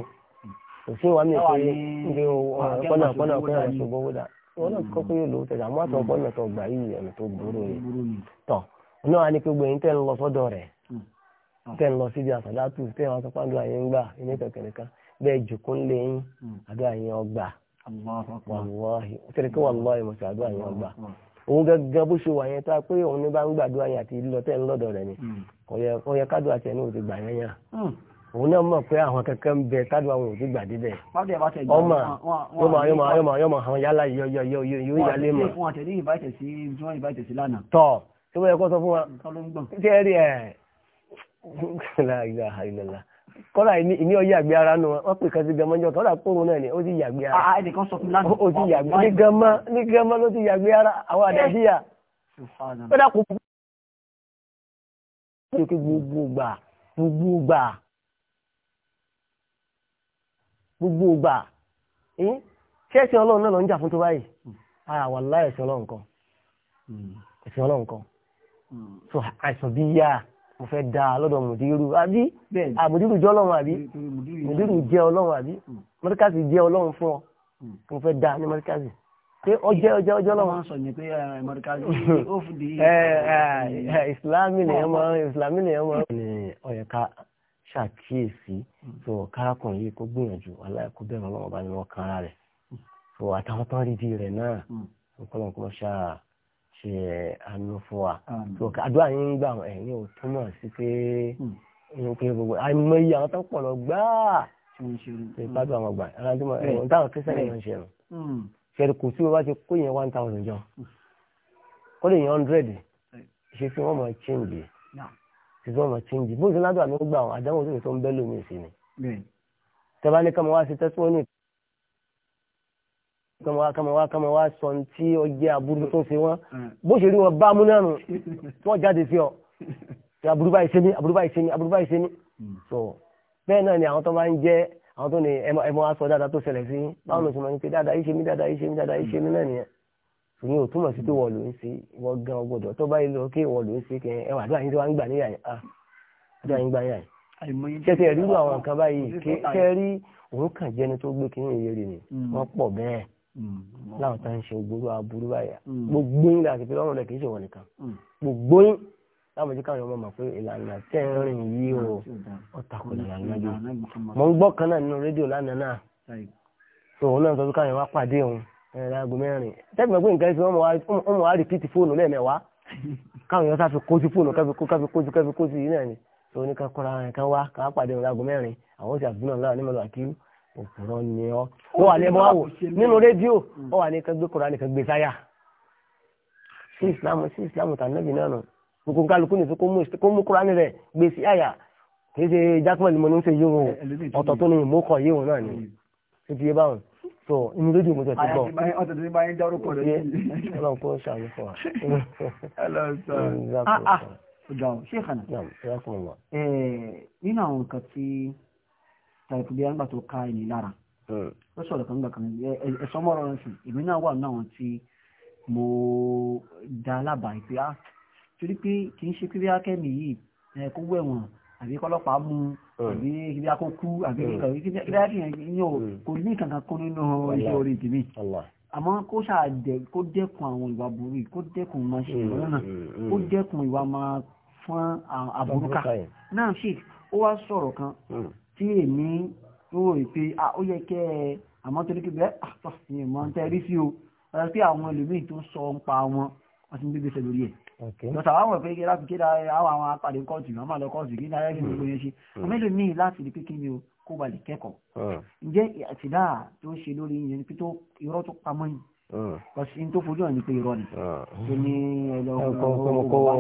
òsín wa mi pé ń gbé ọ̀nà ọ̀nà ọ̀nà ọ̀nà ṣògbọ́n owó dáa. wọn náà kọ́ pé yóò lò ó tẹ̀lé àmọ́ àtọ̀ ọgbọ́n mẹ́tọ̀ gbà yìí ọ̀nà tó burú yìí tọ̀ náà wà ní pé gbẹ̀yìn tẹ́ ń lọ sọ́dọ̀ rẹ̀ hmm. ah. tẹ́ ń lọ síbi àsàdátù tẹ́ wọn sọ pàdé àyè ń gbà ilé kẹ̀kẹ́ ka bẹ́ẹ̀ jòkó lé yín àdó àyè ọgbà wàlúwàhì àdó àyè ọgbà òun gẹ́gẹ́ bó ṣe wà yẹn tá a pé òun ní bá ń gbàdúrà yẹn àti òun náà mọ̀ pé àwọn kankan ń bẹ tádùn àwọn òbí gbà débẹ̀ ọmọ yọmọ yọmọ yọmọ yọmọ àwọn yálà yọ yọ yọ yóò yálé mọ̀. wọ́n tẹ̀lé ìbáyìí sí tí wọ́n ìbáyìí sí lánàá. tọ́ tí wọ́n yẹ kó sọ fún wa tí ẹ rí ẹ̀ kọ́lá ìní ọyẹ́ àgbé ara nù wọ́n pè kẹsí gẹmọ́ jọ kọ́lá kóòrò náà ni ó ti yàgbé ara. àà ah, ẹnìkan sọ fún lánàá. ó ti yàgbé ní gẹmọ́ ní gẹmọ́ ló ti yàgbé ara àwọn eh, àdàbíyà. ó dà kó. gbogbo gbà gbogbo gbà gbogbo ìgbà ṣẹ́ẹ̀sì ọlọ́run náà lọ ń jà fún tó báyìí àwà láìsí ọlọ́run kan ẹ̀sìn ọlọ́run kan so àìsàn bí yá mo fẹ́ da lọ́dọ̀ mùdírù àbí àmùdírù ah, jẹ́ ọlọ́run àbí mùdírù jẹ́ ọlọ́run àbí hmm. mọ́tíkàsì jẹ́ ọlọ́run fún ọ hmm. mo fẹ́ da ní mọ́tíkàsì pé ọjẹ́ ọjẹ́ ọjọ́ lọ́wọ́ sọ ní pé ah, mọ́tíkàsì ó fìdí. Eh, eh, islami lèyàn mọ́ islami lèyàn mọ́. ọ̀yẹ̀ka ṣàkíyèsí tó hmm. kárakùnrin yìí kó gbìyànjú aláìkú bẹ̀rù ọlọ́run ọba nínú ọkàn rẹ̀ so àtàwọn tán rí rẹ̀ náà ọkọlọ́run hmm. kò ṣá ṣe àánú fún wa tó àdúrà yín gbà ẹ̀yìn ò túmọ̀ sí pé hmm. gbogbo àwọn tó pọ̀ lọ àwọn ọgbà yẹn ń ṣe rùn kò sí wọ́n ti kó yẹn one thousand jọ kó lè yẹn hundred sísọ ọmọ chíńjì bó ṣe ládùn àmì gbà wọn àdáwọ̀ òṣèlú tó ń bẹ́ lómi sí ni. tẹ́bá ní kọ́mọ wá sí tẹ́síwọ́nì kọ́mọ wá kọ́mọ wá kọ́mọ wá sọ tí ó jẹ́ aburú tó ṣe wọ́n hmm. bó ṣe rí wọn bá múnánu tí wọ́n jáde sí ọ tí aburú báyìí ṣe ní aburú báyìí ṣe ní aburú báyìí ṣe ní. Hmm. so bẹ́ẹ̀ náà ni àwọn tó máa ń jẹ́ àwọn tó ní ẹmọ ẹmọ aṣọ dáadáa tó ṣẹlẹ̀ sí báwọn ló ṣe máa ń pe dáadáa yìí ṣe mí dáadáa yìí ṣe mí dáadáa yìí ṣe mí náà nìyẹn ṣùgbọ́n ò túmọ̀ sí pé wọ́n ló ń ṣe wọ́n gan ọgbọ́dọ̀ tó bá yẹ lọ kí wọ́n ló ń ṣe kẹ ẹ wà àdúrà yín tó wá ń gbà níyà yín ah àdúrà yín gbà níyà yín tẹ́tẹ́ rí irú àwọn nǹkan báyìí kẹ́ rí òun kàn jẹ́ni tó gbé kínní ìyẹ́rì ni mm. wọ́n pọ̀ bẹ́ẹ̀ mm. láwọn tá ń ṣe ògbóró aburú báyà mm. gbogbo yín láti fi lọ́rùn rẹ̀ kì í ṣe wọ́n nìkan gbogbo yín láwọn jẹ́ káwọn ọmọ mọ̀ pé ìlànà tẹ́ ń rìn yìí o ah, ọ̀tàkùn ìlànà yìí mo ń gbọ́ kan náà nínú rédíò lánàá náà so òun náà sọ pé káwọn wá pàdé òun ẹ̀rọ aago mẹ́rin tẹ́tí mọ̀ pé nǹkan ẹ̀sìn ọmọ wa rìpíìtì fóònù lẹ́ẹ̀mẹ́wàá káwọn èèyàn sáfi kó sí fóònù káfi kó káfi kó sí káfi kó sí yìí náà ni tó ní ká kọ́ra ẹ̀ kan wá ká pàdé ẹ̀rọ aago mẹ́rin àwọn oṣù àbúrò náà ní mọ̀lúwà kí òpùrọ̀ ni ọ́ ó wà ní ẹ̀mọ́ àwò nínú rédíò ó wà ní kan gbé kọ́ra nìkan gbé sáyà sí ìsìlámù sí ìsìlámù tànàbì náà nù gbogbo kálukú ní kó mú kúránì rẹ̀ gbé sí àyà kì í ṣe jákèmọ̀ ni mo ní ń ṣe yíwọ̀n ọ̀tọ̀ tó ní ìmúkọ̀ yíwọ̀n náà ni ó ti yé báwọn so inú lójú mo tẹ̀sí bọ̀ ọ̀tẹ̀ tí báyìí dárúkọ rẹ̀ yìí ọlọ́run kó ṣàánú fún wa. Ah, ah. ọ̀gáwọ̀ ṣé kànà nínú àwọn nǹkan tí tàbí bí àgbà tó ká ẹni lára hmm. ó sọ̀rọ̀ kan gbà kan ẹ̀sọ́ mọ́rọ̀ rẹ̀ sùn èmi náà wà náà tí mo dá lábàá ìpè á ah, torí pé kì í ṣe pé bí akẹ́mi yìí kó wẹ̀wọ̀n àbí kọ́lọ́pàá mú hmm. àbí ibi akókú àbí hmm. kíláàdì yẹn hmm. kò ní kankan kó nínú iṣẹ́ orí tèmi àmọ́ kó ṣàdẹ kó dẹ́kun àwọn ìwà burú kó dẹ́kun máa ṣe ìrọ́nà kó dẹ́kun ìwà máa fún àbúrúkà náà ṣe ó wá sọ̀rọ̀ kan tí èmi ó rò pé ó yẹ kẹ́ ẹ àmọ́ torí kí bẹ́ẹ̀ àtọ̀ ìyẹn mọ́ ń tẹ́ rí sí o pé àwọn ẹlòmíì tó sọ ń pa wọn wọ́n ti ń gbégbèsè lórí ẹ̀ lọ́sà wà wọ̀ pé kí láti kéde àwọn àwọn apàdé kọ́ọ̀tù yìí wọ́n máa lọ kọ́ọ̀tù yìí náírà kí gbogbo yẹn ṣe ọmọdé hmm. ní láti rí kékeré ni o kó ba lè kẹ́kọ̀ọ́ hmm. ǹjẹ́ àtìdá tó ṣe lórí yẹn pé tó irọ́ tó pamọ́ yìí kọ́sí hmm. tó fojú hàn ní pé irọ́ ni tó ní ẹlọ́kọ̀ọ́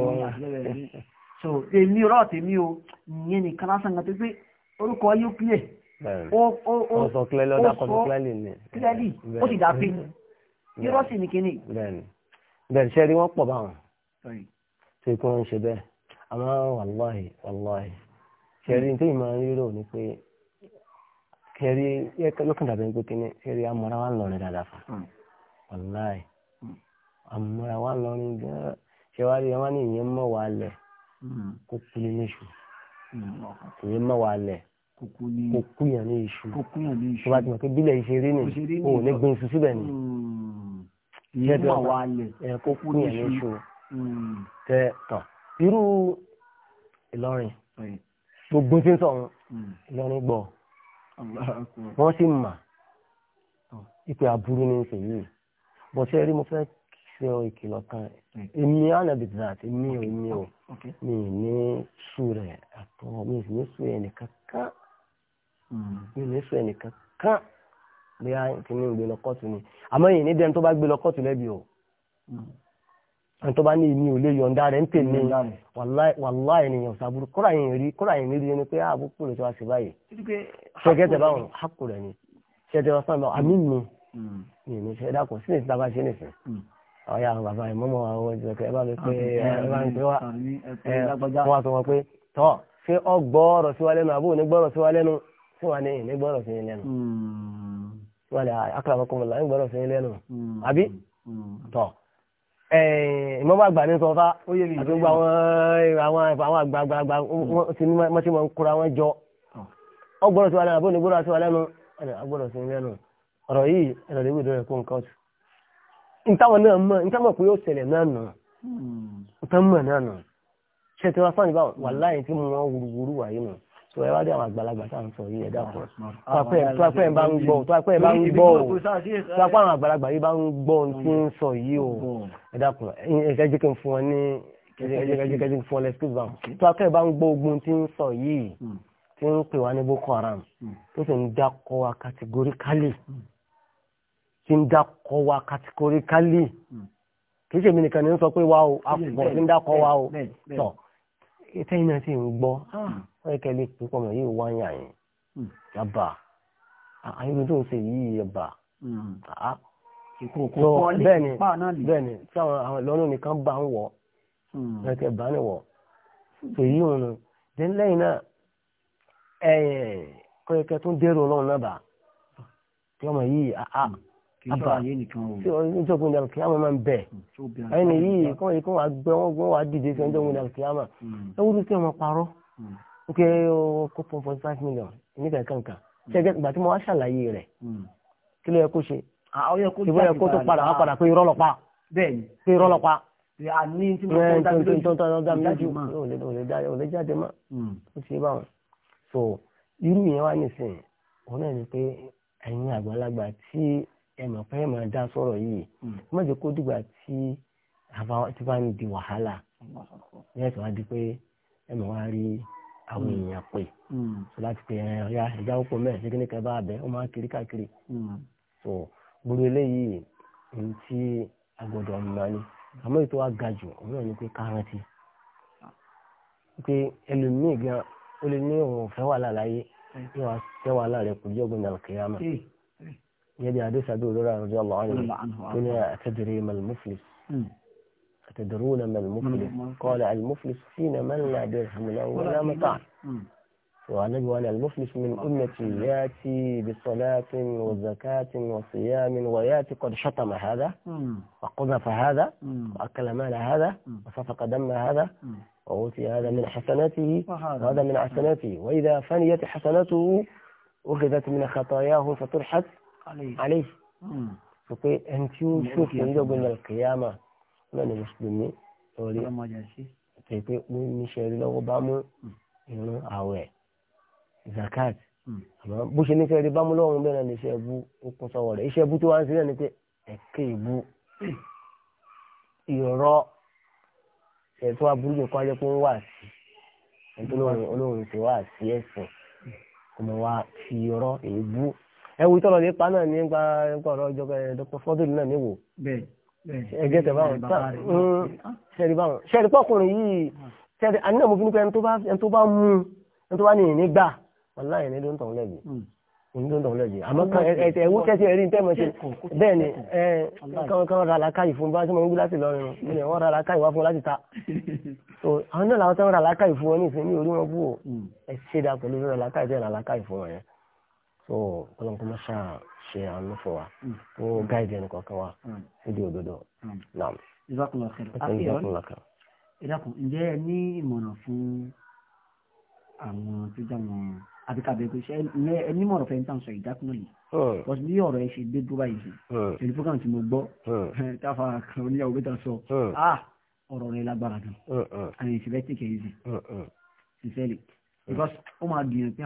so èmi rọ̀ tèmi o ìyẹn nìkan lásán kan tó pé orúkọ yóò clear ó sọ clearly ó sì dá pé irọ́ sì ní kíní. bẹ́ẹ̀ ni bẹ́ẹ̀ ni ṣe rí wọ́n pọ̀ báwọn tó ikú wọn ń ṣe bẹ́ẹ̀ àmọ́ wàláhì wàláhì kẹrí tí ìmọ̀ ń rírò ni pé kẹrí lókàn dàbí pé kíní kẹrí amúra wa ń lọrin dáadáa fún hmm. wàláhì hmm. amúra wa ń lọrin gan ṣe wá rí ẹwà ní ìyẹn mọ̀ wá lẹ̀ hmm. kó kú ní níṣu ìyẹn mọ̀ wá lẹ̀ kó kú yàn ní iṣu tó bá ti mọ̀ pé bílẹ̀ ìṣeré ni òun ní gbin iṣu síbẹ̀ ni kó kú yàn ní iṣu tẹ tán irú Ìlọrin gbogbo tí ń sọ hmm. Ìlọrin gbọ́ wọ́n sì mà ìpè aburú ní ìṣe yìí bó ṣe rí mo fẹ́ ṣe ìkìlọ̀ kan hmm. èmi ànàbì zat èmi ò mi ò mi ní sù rẹ̀ àtọ̀ hmm. mi ní sù ẹnìkan kan mi ní sù ẹnìkan kan bóyá kìíní gbé lọ kóòtù ni àmọ́ yìí ní dẹ́n tó bá gbé lẹ́bi o. àwọn tó bá ní èmi ò lè yọ̀ǹda rẹ̀ ń tèmi wàláì ènìyàn ṣàbùrù kọ́ra èèyàn rí kọ́ra èèyàn rí ẹni pé ah, àbúkù báyìí báwọn rẹ̀ ni ṣẹ́gẹ́tẹ̀ wá sábà àmì mi ni èmi ṣe dákun sílẹ̀ tí a bá ṣe nìfẹ́ hmm. àwọn yàrá bàbá yìí mọ́mọ́ àwọn ọjọ́ kẹ́ ẹ mi pé mi pé sọ wọn pé tọ́ ṣé sí wa lẹ́nu ìmọ̀gbà àgbà ní sọ fá àtúgbò eh, àwọn àwọn àgbààgbà ti ní mọ́tí mọ́ ń kóra wọn jọ ah. ọgbọ́dọ̀ tí wà lẹ́nu àbóni gbọ́dọ̀ tí wà lẹ́nu agbọ́dọ̀ sí lẹ́nu ọ̀rọ̀ yìí ẹ̀rọ lè wúdọ̀ ẹ̀kọ́ nǹkan ọ̀tún. ìtawọ̀ náà mọ̀ ìtawọ̀ pé yóò ṣẹlẹ̀ náà nù ìtawọ̀ hmm. náà nù ṣé tí wọ́n fáwọn so ẹ wá dé àwọn àgbàlagbà tá à ń sọ yìí ẹ dákọ tó apẹ ẹ bá ń gbọ́ tó apẹ ẹ bá ń gbọ́ o tó apẹ àwọn àgbàlagbà yìí bá ń gbọ́ ohun tí ń sọ yìí o ẹ dákọ ẹ jẹ́ jẹ́ kí n fún ọ ní ẹjẹkẹjẹ fún ọlẹ skills bank tó apẹ ẹ bá ń gbọ́ ogun tí ń sọ yìí hmm. tí ń pè wá ní Boko Haram hmm. tó sì ń dákọ wa kàtìgóríkálì hmm. tí ń dákọ wa kàtìgóríkálì kì í ṣèmi nìkan ní sọ pé wa o a tí ń dákọ wa o tọ̀ ìtẹ́yìn náà sì ń gbọ́. Ah wọ́n yẹ kẹ́lẹ́ pọ̀ mọ́ yìí wá yàn yín hmm. yàbá àyẹ̀wò ah, ah, tó ń ṣe yìí yàbá hmm. ah, kò bẹ́ẹ̀ ni bẹ́ẹ̀ ni tí àwọn ìlọ́nù nìkan bá ń wọ̀ ẹ̀kẹ́ hmm. bá ní wọ̀ tó òun nù dẹ́n lẹ́yìn náà ẹ̀yìn kọ́yẹ̀kẹ́ tó ń dẹ́rù ọlọ́run náà bá tí ọmọ yìí àá àbá tí ọ̀rọ̀ yìí jọ̀gbọ́n dàrú kí máa ń bẹ̀ ẹni yìí kọ́ yìí kọ́ gbẹ́ wọ́n wàá dìde sí ọjọ́ wọn dàrú kí ẹ wúlò tí ọmọ parọ́ wípé ó kó four point five million nígbà kankan ṣẹ́gẹ́ ìgbà tí mo wá ṣàlàyé rẹ̀ hmm. kí ló yẹ kó ṣe ìbò yẹ kó tó padà wá padà pé irọ́ lọ́pa pé irọ́ lọ́pa àní tí mo kọ́ dájú lójú ò lè jáde mọ́ hmm. ó ṣe báwọn so irú yẹn wá nísìnyí òun náà ni pé ẹ̀yin àgbàlagbà tí ẹ̀mọ̀ pé ẹ̀mọ̀ dá sọ̀rọ̀ yìí hmm. má jẹ́ kó dìgbà tí àbá ti bá ń di wàhálà yẹ́n wá di pé ẹ̀mọ̀ wá rí àwọn hmm. èèyàn pè hmm. so láti pè ẹ ọ̀yà ìjà ọkọ̀ mẹ́ẹ̀ ṣé kíní kan bá bẹ́ ọ máa kiri káàkiri hmm. so gbogbo eléyìí ní tí a gbọ́dọ̀ mọ̀ ni àmọ́ ètò wa ga jù òun náà ni pé kárántì pé ẹlòmíì gan ó lè ní òun ò fẹ́ wà láàyè ní wàá fẹ́ wà láàrẹ̀ kò jẹ́ ògùn náà kìyàmà yẹ́bi àdéṣàdó olórí àrùjọ lọ́wọ́ ni tó ní àtẹ́dẹ̀rẹ́ mọ̀lẹ́mọ́fìlì تدرون ما المفلس قال المفلس فينا من لا درهم له ولا مطاع وعليه وأنا المفلس من أمتي ياتي بصلاة وزكاة وصيام وياتي قد شتم هذا وقذف هذا وأكل مال هذا وصفق دم هذا وأوتي هذا من حسناته وهذا من حسناته وإذا فنيت حسناته أخذت من خطاياه فترحت عليه عليه فقل أنت شوف يوم القيامة náà ni mùsùlùmí orí àti pé mo níṣẹ́ rí lọ́wọ́ bá mú irun àwẹ̀ zakat hmm. àmọ́ bó ṣe níṣẹ́ rí bá mú lọ́wọ́ bẹ́ẹ̀ náà níṣẹ́ bú ó kún sọ́wọ́ rẹ̀ iṣẹ́ bú tó wá ń sílẹ̀ ni pé ẹ̀kẹ́ ìbú ìrọ́ ẹ̀tọ́ aburú yìí kọ́ ajẹ́ pé ń wà sí ẹ̀tọ́ olóhùn ti wà sí ẹ̀sìn ọmọ wa fi ìrọ́ èébú ẹ̀wù tọ́lọ̀ nípa náà nípa ọ̀rọ̀ ọjọ́ ẹgẹ́ tẹ̀ báwọn ṣẹ́rí ah. báwọn ṣẹ́rí pọ́kùnrin yìí ṣẹ́rí àní náà mo fi ní pé ẹni tó bá mú ẹni tó bá ní ìní gbà wàlá ìní ló ń tàn lẹ́bi ìní hmm. ló ń tàn lẹ́bi àmọ́ ẹ̀wú kẹ́sì ẹ̀rí ń tẹ́mọ̀ ṣe bẹ́ẹ̀ ni káwọn káwọn ra làákàyè fún bá ṣe mọ̀ ń gbé láti lọ́rin ni wọ́n ra làákàyè wá fún láti ta àwọn náà làwọn tẹ́ ra làákàyè fún wọn ní ìsinmi orí wọn bú hmm. ẹ ṣe pẹ̀lú so kọ́lọ́n kọ́mọ́ ṣáà ṣe àánú fún wa mm. kó gáìdì ẹnì kọ̀ọ̀kan wa síbi mm. òdodo náà. ìzákùnlá kan ìzákùnlá kan. ìdákùn ǹjẹ́ ẹ ní ìmọ̀ràn fún àwọn tó jẹ́ àwọn àbíkàbẹ̀ pé ṣe ẹ ní mọ̀ràn fẹ́ẹ́ ń tàn sọ ìdákùnlá yìí mm. bọ́sì bí ọ̀rọ̀ ẹ ṣe dé dúró báyìí sí èyí fúkàn tí mo gbọ́ káfa kan oníyàwó gbé tán sọ ah, ọ̀rọ̀ rẹ lágbára gan àyè ìṣẹ̀lẹ̀ tí kẹ̀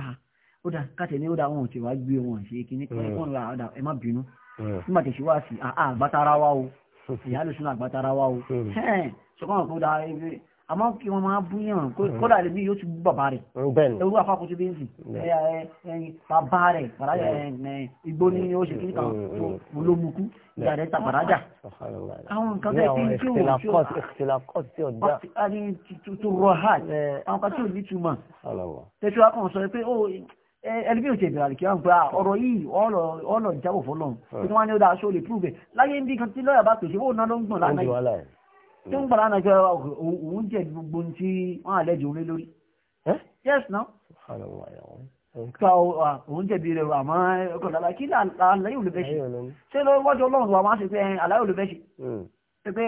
ó dà káàtẹ̀ ní ó dà wọn ò ti wá gbé wọn ṣe kíní ẹ̀kọ́ ńlá ọ̀dà ẹ má bínú mm. nígbà tẹ̀sí wá sí ah, ah, àgbátara wa o ìyá lóṣù náà àgbátara wa o ṣùgbọ́n mm. mm. kó dà ẹ àmọ́ kí wọ́n máa bú yàn kódà lè bí yóò ti bú bàbá rẹ̀ ewu afákò tí bí ń sì bàbá rẹ̀ fàrájà igbó ní ó ṣe kíkà mo ló mú kú ìyá rẹ̀ ta fàrájà àwọn nǹkan bẹ́ẹ̀ tí tí ò eh. tí ò tí ò tí ò rọ̀ hàn àwọn kan tí ò tẹ̀síwá kan sọ pé oh, ẹni bí o ṣe bẹ̀rẹ̀ àlìkí wọn gba ah, ọ̀rọ̀ yìí ọ̀rọ̀ ìjábọ̀ fọlọ́n tí hmm. wọ́n ní ó dáa ṣó lè prove láyé ń bí kan tí lọ́ọ̀yà bá pèsè owó náà ló ń gbọ̀n lánàá yìí tí ń gbọ̀n lánàá yìí òun jẹ́ gbogbo tí wọ́n àlẹ́jì orí lórí yes now ka òun jẹ̀bi rẹ̀ àmọ́ ọkọ̀ lára kí aláyé olùfẹ́ṣe ṣé lọ́wọ́jọ́ ọlọ́run wa máa ṣe pé aláyé olùfẹ́ṣe hmm. pé pé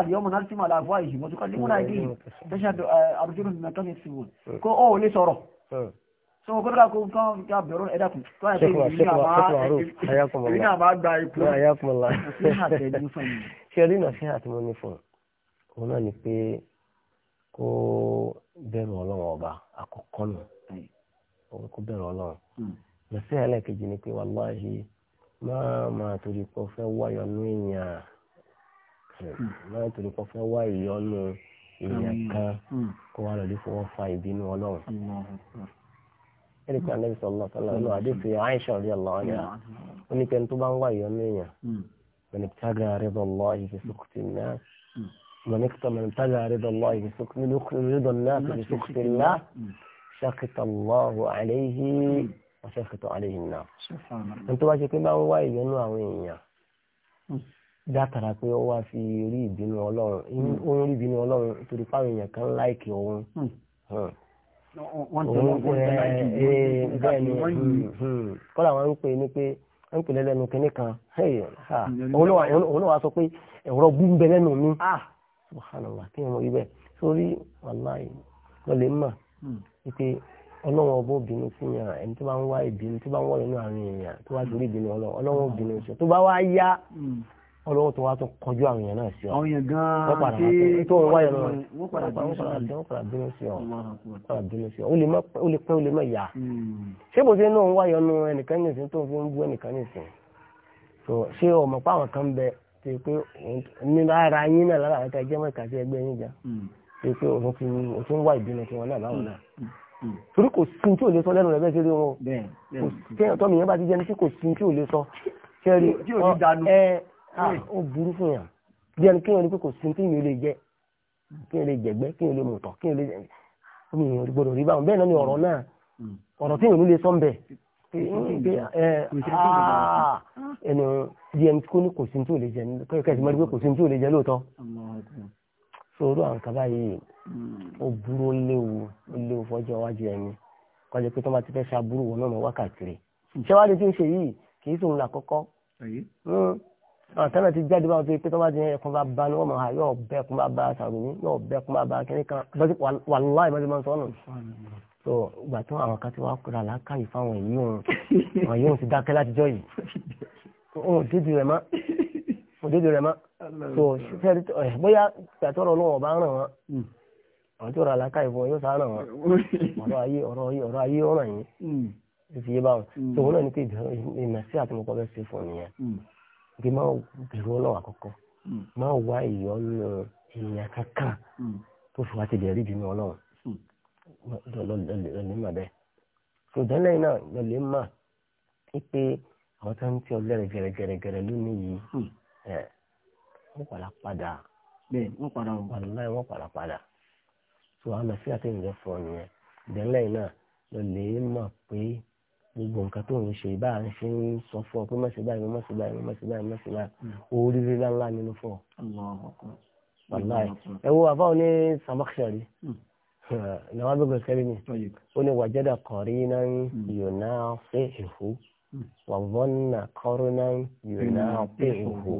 àlìyọ́mù náà ti mọ̀ àlàfo àìsí mọ́tò kan lé múnà ìdí yìí tẹ́sán àdójúrò nìkan ní ìsìnkú hmm, kó ó lè sọ̀rọ̀ sọmọ kọ́dọ̀ kó kán yà bẹ̀rọ ẹ̀dàkùn tó àyẹ̀ pé ìrìn àbá gba ipò ṣe rí nà sí àtìmọ́ ní fún un náà ni pé kó bẹ̀rù ọlọ́run ọba àkọ́kọ́ nù kó bẹ̀rù ọlọ́run nà hmm. sí ẹlẹ́ẹ̀kejì ni pé wàláhì máa máa torí pé ó fẹ́ wáyọ̀ nú èèyàn máa torí pé ó fẹ́ wá ìyọnu èèyàn hmm. hmm. kan kó wá lọ́ọ́ lè fọwọ́ fa ìbínú ọlọ́run ẹni pé anabi sọlọ sọlọ ọlọ àdéhùn Aisha rí ọlọ ọyà oníkẹni tó bá ń wá ìyọnu èèyàn mọ̀nìkítàgà àrídọ̀ lọ ìfi sùkùtì náà mọ̀nìkítàgà àrídọ̀ lọ ìfi sùkùtì náà ìfi sùkùtì náà ṣàkìtà lọ́hùn àléhì ọ̀ṣàkìtà àléhì náà. ẹni tó bá ṣe pé bá ń wá ìyọnu àwọn èèyàn hmm. dátara pé ó wá fi rí ìbínú ọlọ́run hmm. ó ń rí ìbínú ọlọ́run torí fáwọn èèyàn kan láìkì òun. Hmm kọ́lá wọn ń pè ní pé ń pè lẹ́lẹ́nu kínní kan òun sọ pé ẹ̀rọ bú ń bẹ lẹ́nu mi ah! subhanallah kí ni mo rí bẹ́ẹ̀ sórí wàláì lọ́lẹ̀ mà wípé ọlọ́wọ́n ọbọ̀ bínú fún yàn ẹni tó bá ń wá ìbínú tó bá ń wọ̀ nínú àárín èèyàn tó wá torí ìbínú ọlọ́wọ́n ọlọ́wọ́n bínú tó bá wá yá hmm ọlọ́wọ́ tó wá tó kọjú àwọn èèyàn náà sí ọ. àwọn èèyàn gan-an tí tó ń wáyọ̀ lọ́wọ́ wọ́n padà bínú sí ọ. padà bínú sí ọ. o lè pẹ́ o lè má yà. Hmm. ṣé bó ṣe náà ń wáyọ̀ nu ẹnìkan ní ìsìn tó ń fi ń bú ẹnìkan ní ìsìn. tó ṣé ọmọ pa àwọn kan bẹ ṣe pé ní ara yín náà lára àwọn ẹgbẹ́ mẹ́ta sí ẹgbẹ́ yín jà ṣe hmm. pé òun ti o ti ń wá ìbínú tiwọn náà láwọn náà. Hmm. torí kò sí tí ò lè sọ lẹ́nu rẹ̀ bẹ́ẹ̀ ṣe rí Ah, hmm. ó burú fún yàn bí ẹni kéèyàn rí pé kò sí kéèyàn lè jẹ kéèyàn lè jẹgbẹ kéèyàn lè mọtọ kéèyàn lè omi èèyàn gbọ́dọ̀ rí báwọn bẹ́ẹ̀ náà ni ọ̀rọ̀ náà hmm. ọ̀rọ̀ tí èèyàn lè sọ ń bẹ ẹni ah, bí ẹni kó ní kò sí tó lè jẹ kẹsì máa rí pé kò sí tó lè jẹ lóòótọ́ sọ̀rọ̀ àwọn kaba yìí hmm. ó burú ó léwu ó léwu fọ́jọ́ iwájú ẹni kọjá pé tó bá ti fẹ́ ṣàbúrò wọn náà wákàtí rẹ̀ ṣé wàá lè ti ń ṣe yìí kì í sòun là àwọn tẹ́lẹ̀ ti jáde báwọn tó yẹ pé tó bá di ẹkùn bá ba ni wọ́n máa yọ ọbẹ̀ ẹkùn bá ba sàrùmí yọ ọbẹ̀ ẹkùn bá ba kẹ́lẹ́ kan wàláì bá ti máa ń sọ ọ́nà so ìgbà tó àwọn kan ti wá kúrò àlákàyè fáwọn èyí òun àwọn èyí òun ti dákẹ́ látijọ́ yìí òun dídì rẹ̀ mọ́ òun dídì rẹ̀ mọ́ so fẹ́ẹ́rì bóyá ìgbàtọ́rọ̀ náà ọba ràn wọ́n àwọn tó rà àlákàyè fún wọn yóò sá ràn wọ́n ọ̀rọ̀ ayé ọ̀rọ̀ ayé ọ̀ràn yìí hmm. ti fi yé báwọn so hmm. òun náà ní pé ìdí kí máa bẹ̀rù ọlọ́wà kọ́kọ́ hmm. máa wá ìyọnu èèyàn kankan hmm. tó fi wá ti dẹ̀rí ìbínú ọlọ́run hmm. lọ́lẹ́ mà bẹ́ẹ̀ ṣùgbọ́n lẹ́yìn náà lọ́lẹ́ mà pípé àwọn tó ń tí ọ lẹ́rẹ̀ gẹ̀rẹ́gẹ̀rẹ́ lónìí yìí wọ́n padà padà bẹ́ẹ̀ wọ́n padà wàlúwàlú wọ́n padà padà tó àmọ́ sí àtẹ̀yìnjẹ́ fún ọ nìyẹn lẹ́yìn náà lọ́lẹ́ mà pé gbogbo nǹkan tó ń ṣe bá ń ṣe ń sọ fún ọ pé má ṣe báyìí má ṣe báyìí má ṣe báyìí má ṣe báyìí hmm. oríire ńláńlá nínú fún ọ. wàláì hmm. ẹ wo àbá òní Samakhshari náà bí gbèsè rí ni ó ní wàjẹ́dà kọ̀rí náà yóò náà pé èhó wàvọ́n náà kọ́rọ́ náà yóò ọmọ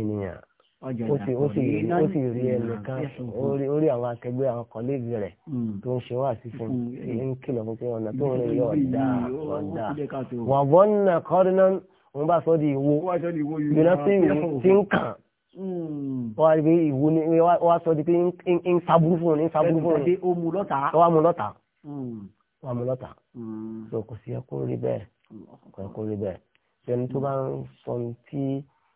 ènìyàn ó sì ó sì ó sì rí ẹnìkan orí àwọn akẹgbẹ́ àwọn kọ́léègì rẹ̀ hmm. tó ń ṣe wá sí fún un hmm. ń kìlọ̀ fún pé ọ̀nà tó ń rìn yọ̀ ọ̀dà ọ̀dà wà wọ́n nà kọ́dínà ń bá sọ di ìwo yóná sí ìwo tí ń kàn hmm. wọ́n á rí ìwo ni wọ́n á sọ di pé ń sábúrú fún un ń sábúrú fún un wọ́n á mú lọ́tà wọ́n mú lọ́tà kò sí ẹkún rí bẹ́ẹ̀ ẹkún rí bẹ́ẹ̀ ṣẹ́ni tó bá ń sọ ti.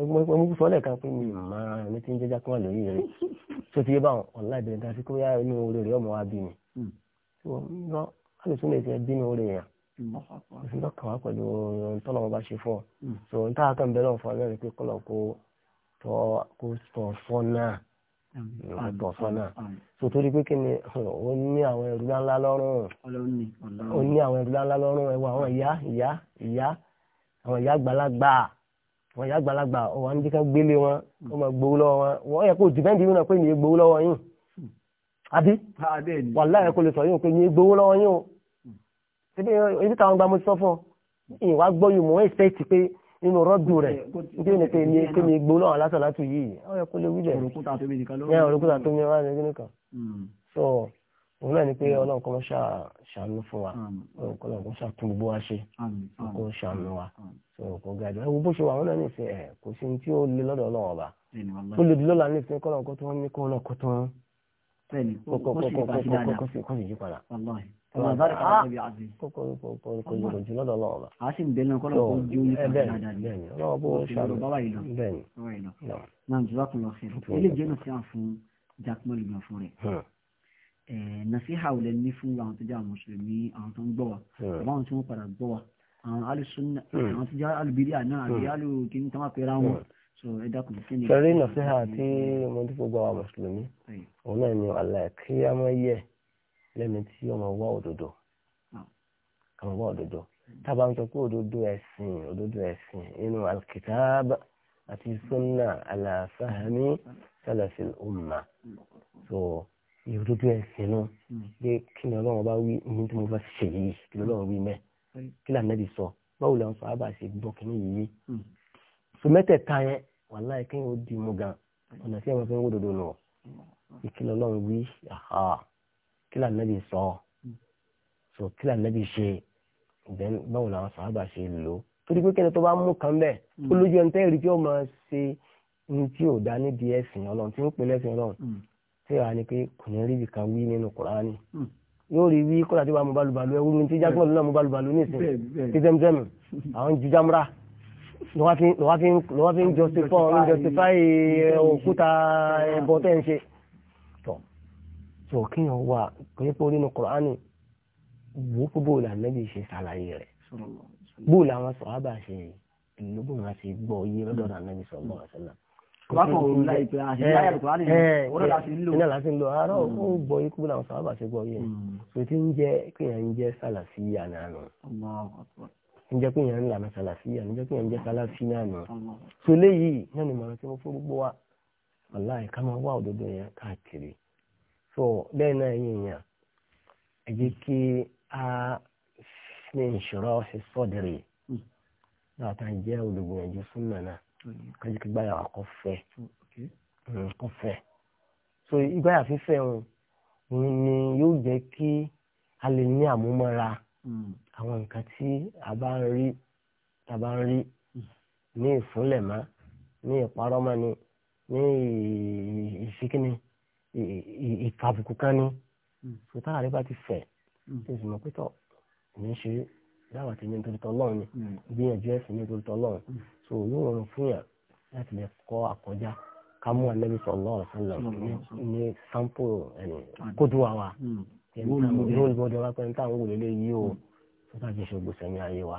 ọmọ sọlẹ̀ kan pé mi máa ní tí ń jẹ́jà kí wọ́n lórí rẹ̀ tó ti yé báwọn ọ̀la ìbẹ̀rẹ̀ ta sí kó yá inú orí rẹ̀ ọmọ wa bí mi. lọ alùsùn lè fi ẹbí inú orí yẹn òfin náà kàn wá pẹ̀lú ohun tọ́lọ́ wọn bá ṣe fún ọ. Hmm. so n táwọn kan bẹ̀rẹ̀ ọ̀fọ̀ náà rí pé kọ́lọ̀ kó tọ̀ fọ́ náà àgbọ̀ fọ́nà sotori pé kíni wọn yà àgbàlagbà wọn ní ká gbélé wọn wọn máa gbowó lọ́wọ́ wọn wọn yẹ kó dìbẹ́ǹdì yìí náà pé nìyẹn gbowó lọ́wọ́ yìí àbí wàhálà yẹ kó lè sọ yìí pé nìyẹn gbowó lọ́wọ́ yìí o ṣébí ibi táwọn gba mo sọ fún ọ ìwà gbọ́ yìí mò ń expect pé nínú rọ́dù rẹ̀ níbi ní pé nìyẹn pé nìyẹn gbowó lọ́wọ́ lásán látù yìí ọ yẹ kó lè wí bẹ́ẹ̀ tó mi nìkan hmm. òun náà ni pé ọlọ́run kọ́ ṣàánú fún wa hmm. ọlọ́run kọ́ ṣàtúnbọ̀ wa ṣe kọ́ ṣàánú wa hmm so kò ga jù ẹ wo bó ṣe wà wọn náà nìsín ẹ kò sí tí ó le lọ́dọ̀ Ọlọ́run ọba ó le di lọ́la nìsín kọlọ kó tó wọn ní kó náà kó tó wọn kó sì yí padà kókó kókó yòrò jù lọ́dọ̀ Ọlọ́run ọba. a sì ń bẹ̀rẹ̀ kọlọ kó ju ní kàdé dáadáa bẹ́ẹ̀ni Ọlọ́run bó ṣàlù bẹ́ẹ̀ni. náà jùlọ kò lọ fẹ́ ẹ lè jẹ́ náà sí àfún jákèmọ́lì gan fún rẹ̀ nàṣíhà ò lẹ́ni fún àwọn tó jẹ́ àwọn mùsùlùmí àwọn tó ń gbọ́ wa hmm. àbáwọn tí wọ́n padà gbọ́ wa àwọn alùsùnà hmm. àwọn tó jẹ́ alùbíríà náà àti hmm. alùkí ní tọ́wọ́ pẹ̀lú àwọn hmm. so ẹ dákun kí ni. sẹ́rí nàṣẹ́hà tí mo ti gbogbo àwọn mùsùlùmí òun náà ni àlà kí a máa yẹ lẹ́ni tí ọmọ wá òdodo ọmọ ah. wá òdodo tábà ń sọ pé òdodo ẹ̀sìn òdodo ẹ̀sìn nínú alkitaaba àti sunna ala fahmi salafil umma so òdodo ẹ̀sìn náà pé kí ni ọlọ́run bá wí ní tí mo bá ṣe yìí kí ni ọlọ́run wí mẹ́ẹ̀ kí lànà bí sọ báwo làwọn sàhábà ṣe gbọ́ kí ní yìí hmm. so mẹ́tẹ̀ẹ̀ta yẹn wàláhì kí wọ́n di mu gan ọ̀nà tí wọ́n fi ń wó dodo nù ìkìlọ̀ ọlọ́run wí kí lànà bí sọ hmm. so kí lànà bí ṣe then báwo làwọn sàhábà ṣe lò ó torí pé kẹ́ni tó bá mú kan bẹ́ẹ̀ hmm. ó lójú ẹni tẹ́ rí tí ó máa ṣe ní tí ò dá nídìí ẹ̀sìn ọlọ́run tí ó pè lẹ́sìn ọlọ́run tí ó wà ní pé kò ní rí ibìkan wí nínú kùránì yóò rí wí kọ́lá tí wàá mú balùbalù ẹ wúlò ní tí jákèmọ́lù náà mú balùbalù ní ìsìn tí tẹ́mtẹ́mù àwọn ju jámúra lọ́wọ́ fi ń justify ń justify eh, òkúta ẹ̀bọ tẹ́ ń ṣe. tọ́ tọ́ kí wọ́n wà pé pé nínú kùránì wò ó bó la nẹ́bí ṣe ṣàlàyé rẹ̀ bó làwọn sọ̀rọ̀ àbàṣe ìlú bó wọn ṣe gbọ́ yé lọ́dọ̀ nà nẹ́bí sọ̀rọ̀ àṣẹ náà kọ́kọ́ òun láì pé àṣìlá yàrá kọ́kọ́ nìyẹn wọ́n lọ́la sí ah, eh, eh, ń lò. iná láti ń lò àárọ̀ ó hmm. gbọ́ ikú làwọn sábà ṣe gbọ́ yẹn so ti ń jẹ́ kéèyàn ń jẹ́ sàlàfí àná nù ń jẹ́ kéèyàn ń lànà sàlàfí àná ń jẹ́ kéèyàn ń jẹ́ sàlàfí náà nù. so léyìí náà ni màá tí mo fún gbogbo wa wàláì ká máa wá òdodo yẹn káàkiri so náà yẹn ẹ jẹ́ kí a ní ìṣòro ṣe sọ́dẹ̀rẹ̀ hmm. láti jẹ́ olùgbìyànjú súnmọ́ náà kájí kí gbáyà kọ fẹ hmm, kọ fẹ so ìgbáyà fífẹ òun ni yóò jẹ kí a lè ní àmúmọ́ra hmm. àwọn nǹkan tí a bá ń rí a bá ń rí hmm. ní ìfúnlẹ̀ mọ́ ní ìparọ́ mọ́ ni ní ìfikíni ìfàbùkù kan ni so tára rẹ bá ti fẹ̀ tó sì mọ̀ pé tọ̀ ní ṣe dáwà tí ní nítorí tọ́ lọ́run ni gbìyànjú ẹ̀sìn ní nítorí tọ́ lọ́run so yóò rọrùn fún yàn láti lè kọ́ àkọjá ká mú anabi sallallahu alaihi wasallam ní sampo kódùwà wa hmm. role model wa pẹ̀lú táwọn wòlé lè yí o sọ́tà jẹ́ ṣògbó sẹ́mi ayé wa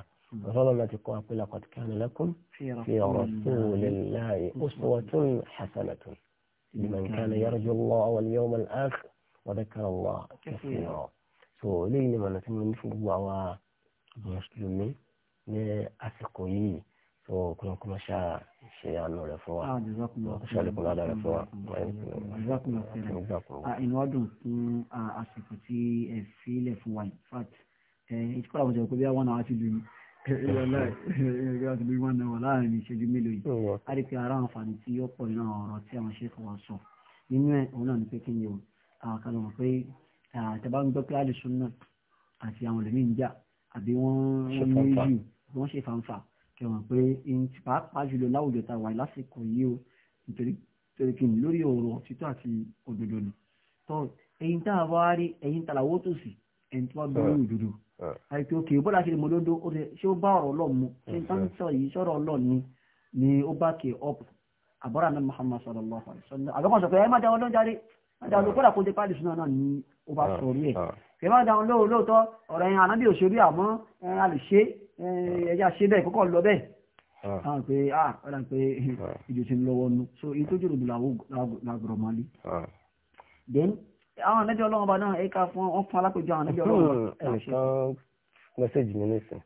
rọ́lọ́ hmm. láti kọ́ àpẹẹlẹ àkọ́tìkẹ́ ànilẹ́kùn fi rasulillahi uswatun hasanatun hmm. liman kana yarju Allah wal yawmal akhir wa dhakara Allah kathira so eléyìí ni mọ̀nà tí mo ní fún gbogbo àwa mùsùlùmí ní àsìkò yìí so kúlọ̀ kúlọ̀ ṣá ṣe àánú rẹ̀ fún wa ah, ṣàlékún ládàá rẹ̀ fún wa. Ah, inú ọdún fún ah, àsìkò tí ẹ sílẹ̀ fún wa in fact ìtúkọ̀ àwọn ìṣẹ̀lẹ̀ pé bí àwọn àwọn ti lù mí ìgbàlódé wọn náà wà láàrin ìṣẹ́jú mélòó yìí mm, a rí pé ara àǹfààní tí ó pọ̀ iná ọ̀rọ̀ tí àwọn ṣe fọwọ́ sọ nínú ẹ̀ òun náà ni pé kí ni o àkàlọ̀ mọ̀ pé àtẹ̀bá ń gbọ́ pé àlùsùn náà àti àwọn ẹlòmíín jà àbí wọ́n ń ní yù wọ́n ṣe fàǹfà kẹwọn pé pàápàá jùlọ láwùjọ ta wà lásìkò yìí o nítorí kí n lórí ọ̀rọ̀ títọ́ àti òdodo ni tọ́ ẹ̀yin tá a wá rí ẹ̀yin tàlàwó tòsí ẹ̀yin tó wá gbórí òdodo àìpé òkè bọ́lá kiri mọ́lódó ṣé ó bá ọ̀rọ̀ ọlọ́ọ̀ mu ṣé n tán sọ yìí sọ̀rọ̀ ọlọ́ọ̀ ni ni ó bá kè ọ́pù àbọ̀rà náà Muhammad sallallahu alaihi wasallam àbẹ̀kọ̀ sọ pé ẹ má dáwọn lóúnjáde má dáwọn lóó kódà kó dé páàdì súná náà ni ó bá ah, sọ orí ẹ̀ ah. ẹ má dáwọn lóòótọ́ ọ̀rọ̀ yẹn ànábì òṣèré àmọ́ a lè Eh, ẹ̀yà ṣe bẹ́ẹ̀ kọ́kọ́ lọ bẹ́ẹ̀ àwọn ah. ah, pé ah ọ̀dà pé ah. ìjọ ti ń lọ́wọ́ nu so èyí tó jòrò làgùrọ̀ máa lé then àwọn ẹ̀nẹ́bí ọlọ́run bá náà ẹ̀ka fún wọn fún alápèjọ àwọn ẹ̀nẹ́bí ọlọ́run. Hmm, ẹnìkan mẹ́sẹ̀jì mi nìsín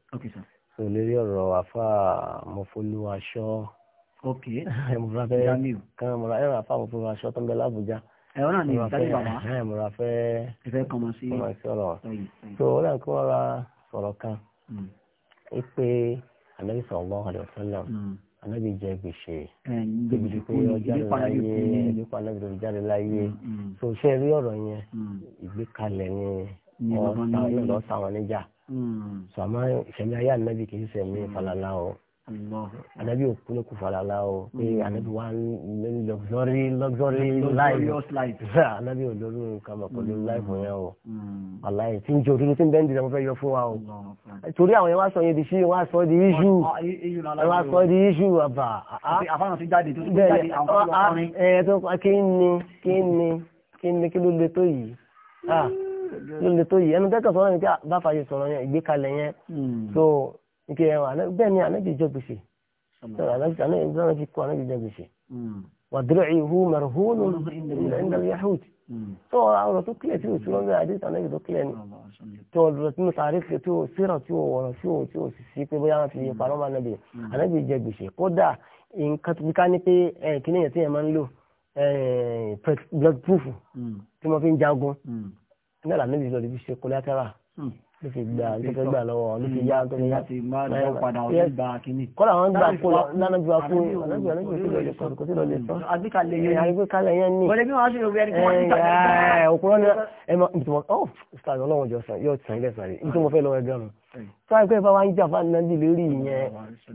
so lórí ọ̀rọ̀ àfa mọ̀fọ́lúwaṣọ́ ẹ̀mọ̀ràfẹ́ kan mọ̀ra ẹ̀rọ àfa mọ̀fọ́lúwaṣọ́ tó ń bẹ lábújá ẹ̀wọ́n náà ni ìdájọ́ bàbá ẹ̀mọ̀ràfẹ́ ìfẹ́ kọmọ sí ọ̀rọ̀ so ó pé anabi sallallahu alaihi wasallam anabi hmm. jẹ gbèsè gbèsè pé ọjà láyé nípa anabi tó jáde láyé tó hmm, hmm. ṣe rí ọ̀rọ̀ yẹn ìgbékalẹ̀ ni ọ̀sán lọ́sàn-án níjà sọ àmọ́ ìṣẹ̀lẹ̀ ayé anabi kì í ṣẹ̀mí falala o anabi òkú ló kù falala o pé anabi wa ní luxury luxury life anabi olórí nǹkan mọ̀ pẹ̀lú hmm. life yẹn o hmm. aláì tí ń jẹ òdodo tí ń bẹ́ẹ̀ ń dìde mo fẹ́ yọ fún wa o torí àwọn yẹn wá sọ yẹn di sí wá sọ di iṣu wá sọ di iṣu àbà. àfáàràn ti jáde tó ti jáde àwọn tó lọ kọrin. ẹ ẹ tó kí ni kí ni kí ni kí ló le tó yìí ah, ló le tó yìí ẹnu tẹ́kọ̀ sọ̀rọ̀ yẹn tí bá fàyè sọ̀rọ̀ yẹn ìgbékalẹ̀ yẹn hmm. so nke bẹ́ẹ̀ ni ànábì jẹ gbèsè ànábì kọ ànábì jẹ gbèsè wà dúrẹ́ẹ̀ ihu marhunu indal yahud tó ọ̀rọ̀ tó kílẹ̀ tí o tí wọ́n bẹ àdéhùn ànábì tó kílẹ̀ ni tó ọ̀rọ̀ tí mo sàárè fi tí o síra tí o wọ̀rọ̀ tí o tí o sì sí pé bóyá wọn ti yẹ hmm. parọ́ máa nàbì hmm. ànábì jẹ gbèsè kódà nǹkan tó bí ká ní pé kíní yẹn tí yẹn máa ń lò blood proof hmm. tí wọ́n fi ń jagun nígbà ànábì lọ́ọ́ ló fi gbà ló fẹ́ gbà lọ́wọ́ ló fi yá tó fi yá kọ́lá wọn gbà kó lánà jù àpò ọ̀nàjù ọ̀nàjù kí lọ lè sọ kò sí lọ lè sọ àbíkalẹ̀ yẹn àbíkalẹ̀ yẹn ní òkúrọ́ ni ẹmọ ìtumọ̀ ọ́ sàrì ọlọ́wọ́n jọ sàn yóò sàn ilẹ̀ sàrì ìtumọ̀ fẹ́ lọ́wọ́ ẹgbẹ́ mi sáré pé báwa ń jà fún anábì lórí ìyẹn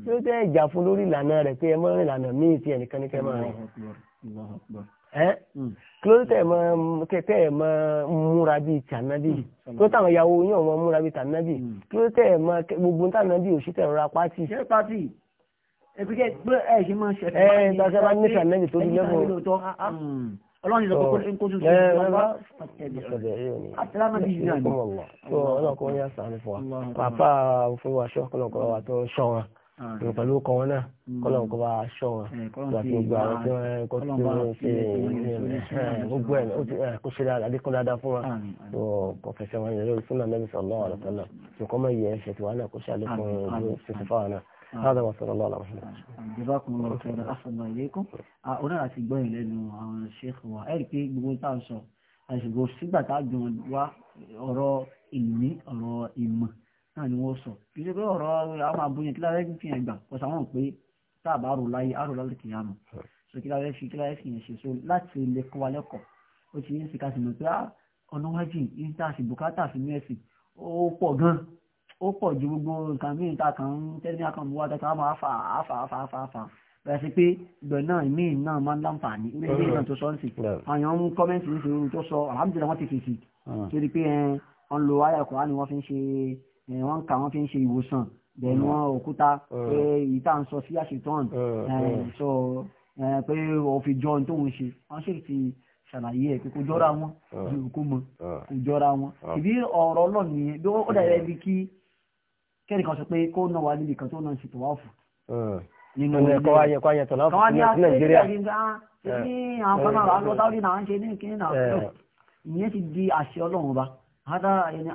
tí ó tẹ́ ìjà fún lórí ìlànà rẹ̀ pé ẹ mọ́ ìlànà míì tí ẹnìkan ní kẹ́ máa rìn. Hmm. kí ló tẹ̀ mọ́ tẹ̀ mọ́ múra bíi tànábì hmm. kí ló táwọn ìyàwó yín ọmọ múra bíi tànábì hmm. kí ló tẹ̀ mọ́ gbogbo tànábì ò sí tẹ̀ rọra pátì. ṣé pátì ẹgbẹ́ ẹ ṣe máa ń ṣe. ẹ ẹ bá ní tànábì tó di lẹ́fọ̀. ọlọ́run ìlọ kókó ń kóso sí ọlọ́run. àtàlámàbí yìí náà ni. ọlọ́run kò ní àṣà àlùfọ́ wa pàápàá fún wa ṣọ́kọ̀lọ́kọ̀ wa tó ṣọ́ wọn. Ah, ìwọ̀n pẹ̀lú ọkọ̀ wọn náà hmm. kọ́lọ̀ kó bá aṣọ wọn eh, àti gbogbo àwọn tí wọ́n eh, kọ́ tí wọ́n ṣe eh, gbogbo ẹ̀ kó ṣe dáadáa adékún dáadáa fún wa tó kọ́ fẹsẹ̀ wọn yẹn lórí fúnà Nabi sallallahu alaihi wasallam tó kọ́ mọ̀ yẹ ẹ̀ṣẹ̀ tí wọ́n náà kó ṣe àlékún ìlú ṣèṣẹ̀ fáwọn náà هذا وصلى الله على محمد جزاكم الله خيرا احسن الله اليكم ọ̀nà àti gbọ́yìn lẹ́nu àwọn ṣéèkì wa ẹ̀rí pé gbogbo tá à ń sọ àṣùgbọ́n sígbà tá a jọ wá ọ̀rọ̀ ìní ọ̀rọ̀ ìmọ̀ náà ni wọ́n sọ kì í ṣe pé ọ̀rọ̀ àwọn àbúyàn kí láyé fi hàn gbà kọ́sà wọn pé tá a bá rò láyé á rò lálẹ́ kì í hàn so kí láyé fi kí láyé fi hàn ṣe so láti lè kọ́ wa lẹ́kọ̀ọ́ ó ti ń ṣe ká sì mọ̀ pé ah, ọ̀nà wájú yìí tá a sì bùkátà sí ní ẹ̀sìn ó pọ̀ gan ó pọ̀ ju gbogbo nǹkan míì tá a kàn ń tẹ́lẹ̀ àkànbó wa tẹ́ka máa fà á fà á fà á fà á fà á bẹ̀rẹ̀ pé ìgbẹ̀ náà ìmí náà máa ń láǹfààní ilé ilé náà tó sọ ń sì àyàn ń kọ́mẹ́ǹtì ní ìṣòro sọ alhamdulillah wọ́n ti fèsì ah. torí pé eh, wọ́n lo ayàkùnrin ni wọ́n fi ń ṣe wọ́n ń kà wọ́n fi ń ṣe ìwòsàn bẹ̀ẹ̀ni hmm. wọ́n òkúta hmm. pé ìta ń sọ sí àṣetán hmm, sọ pé òfin jọ ohun tó ń ṣe wọ́n sì ti ṣàlàyé ẹ̀ pé kò jọra wọn kò mọ kò jọra wọn ìbí ọ̀rọ̀ ọlọ́ọ̀nù yẹn bí ó dàbí ẹbí kí kẹ́nìkan sọ pé kó náà wà níbi kan tó náà ń ṣètò wáfù nínú ilé kọ́ wáyé kọ́ yẹn tọ̀ náà fún nàìjíríà ah, ní àwọn kan náà lọ́tàrí náà ń ṣe ní ìkíní náà ìyẹn ti di àṣẹ ọlọ́run ba هذا يعني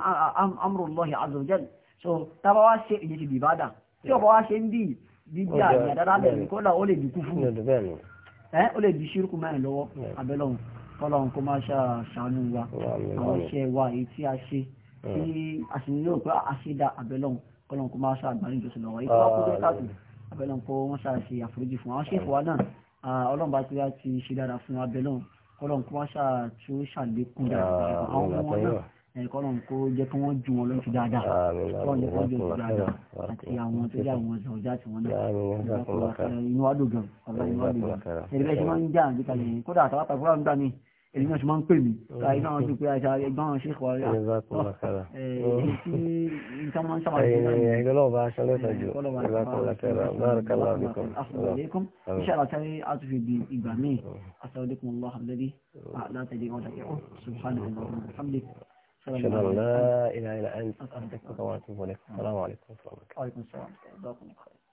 أمر الله عز وجل so tábà wá ṣe èyí ti bìbádà tí ọ̀pọ̀ wá ṣe ń bí bíbí àmì àdára bẹ̀rẹ̀ kó là ó lè di kúfù Eh, ó lè di ṣírùkù mẹ́rin lọ́wọ́ abẹ́lọ́hun kọ́lọ́hun kó máa ṣàánú wa àwọn iṣẹ́ wa èyí tí a ṣe tí a sì nílò pé a ṣe dá abẹ́lọ́hun kọ́lọ́hun kó máa ṣàgbárí ìjọsìn lọ́wọ́ èyí tó wá kó tó káàtó abẹ́lọ́hun kó wọ́n ṣàṣe àforíjì fún àwọn ṣèfọ̀ wa náà ọlọ́mọba tí ti ṣe dára fún abẹ́lọ́hun kọ́lọ́hun kó máa ṣàtúnṣàlékún dára àwọn ọmọ náà kọ́lọ̀n kó jẹ́ kí wọ́n ju wọn lọ́sí dáadáa kọ́lọ̀n jẹ́ kí wọ́n jẹ́ sí dáadáa àti àwọn tó yà wọn ọjà tí wọ́n náà inú adùn gan ọ̀la inú adùn gan ẹ̀rí bẹ́ẹ̀ ṣe máa ń jà àti kalẹ̀ yìí kódà àtàwọn àpapọ̀ àwọn gbà mí èyí náà ṣe máa ń pè mí láì náà ti pé àṣà ẹgbọ́n àwọn ṣèkọ̀ rẹ̀ ọlọ́ọ̀bá aṣọ lẹ́sàájú ìgbàkọ̀lá kẹrà bárakàlá bíkọ̀ أشهد أن لا إله إلا أنت أستغفرك وأتوب إليك السلام عليكم ورحمة الله وبركاته. وعليكم السلام ورحمة الله وبركاته.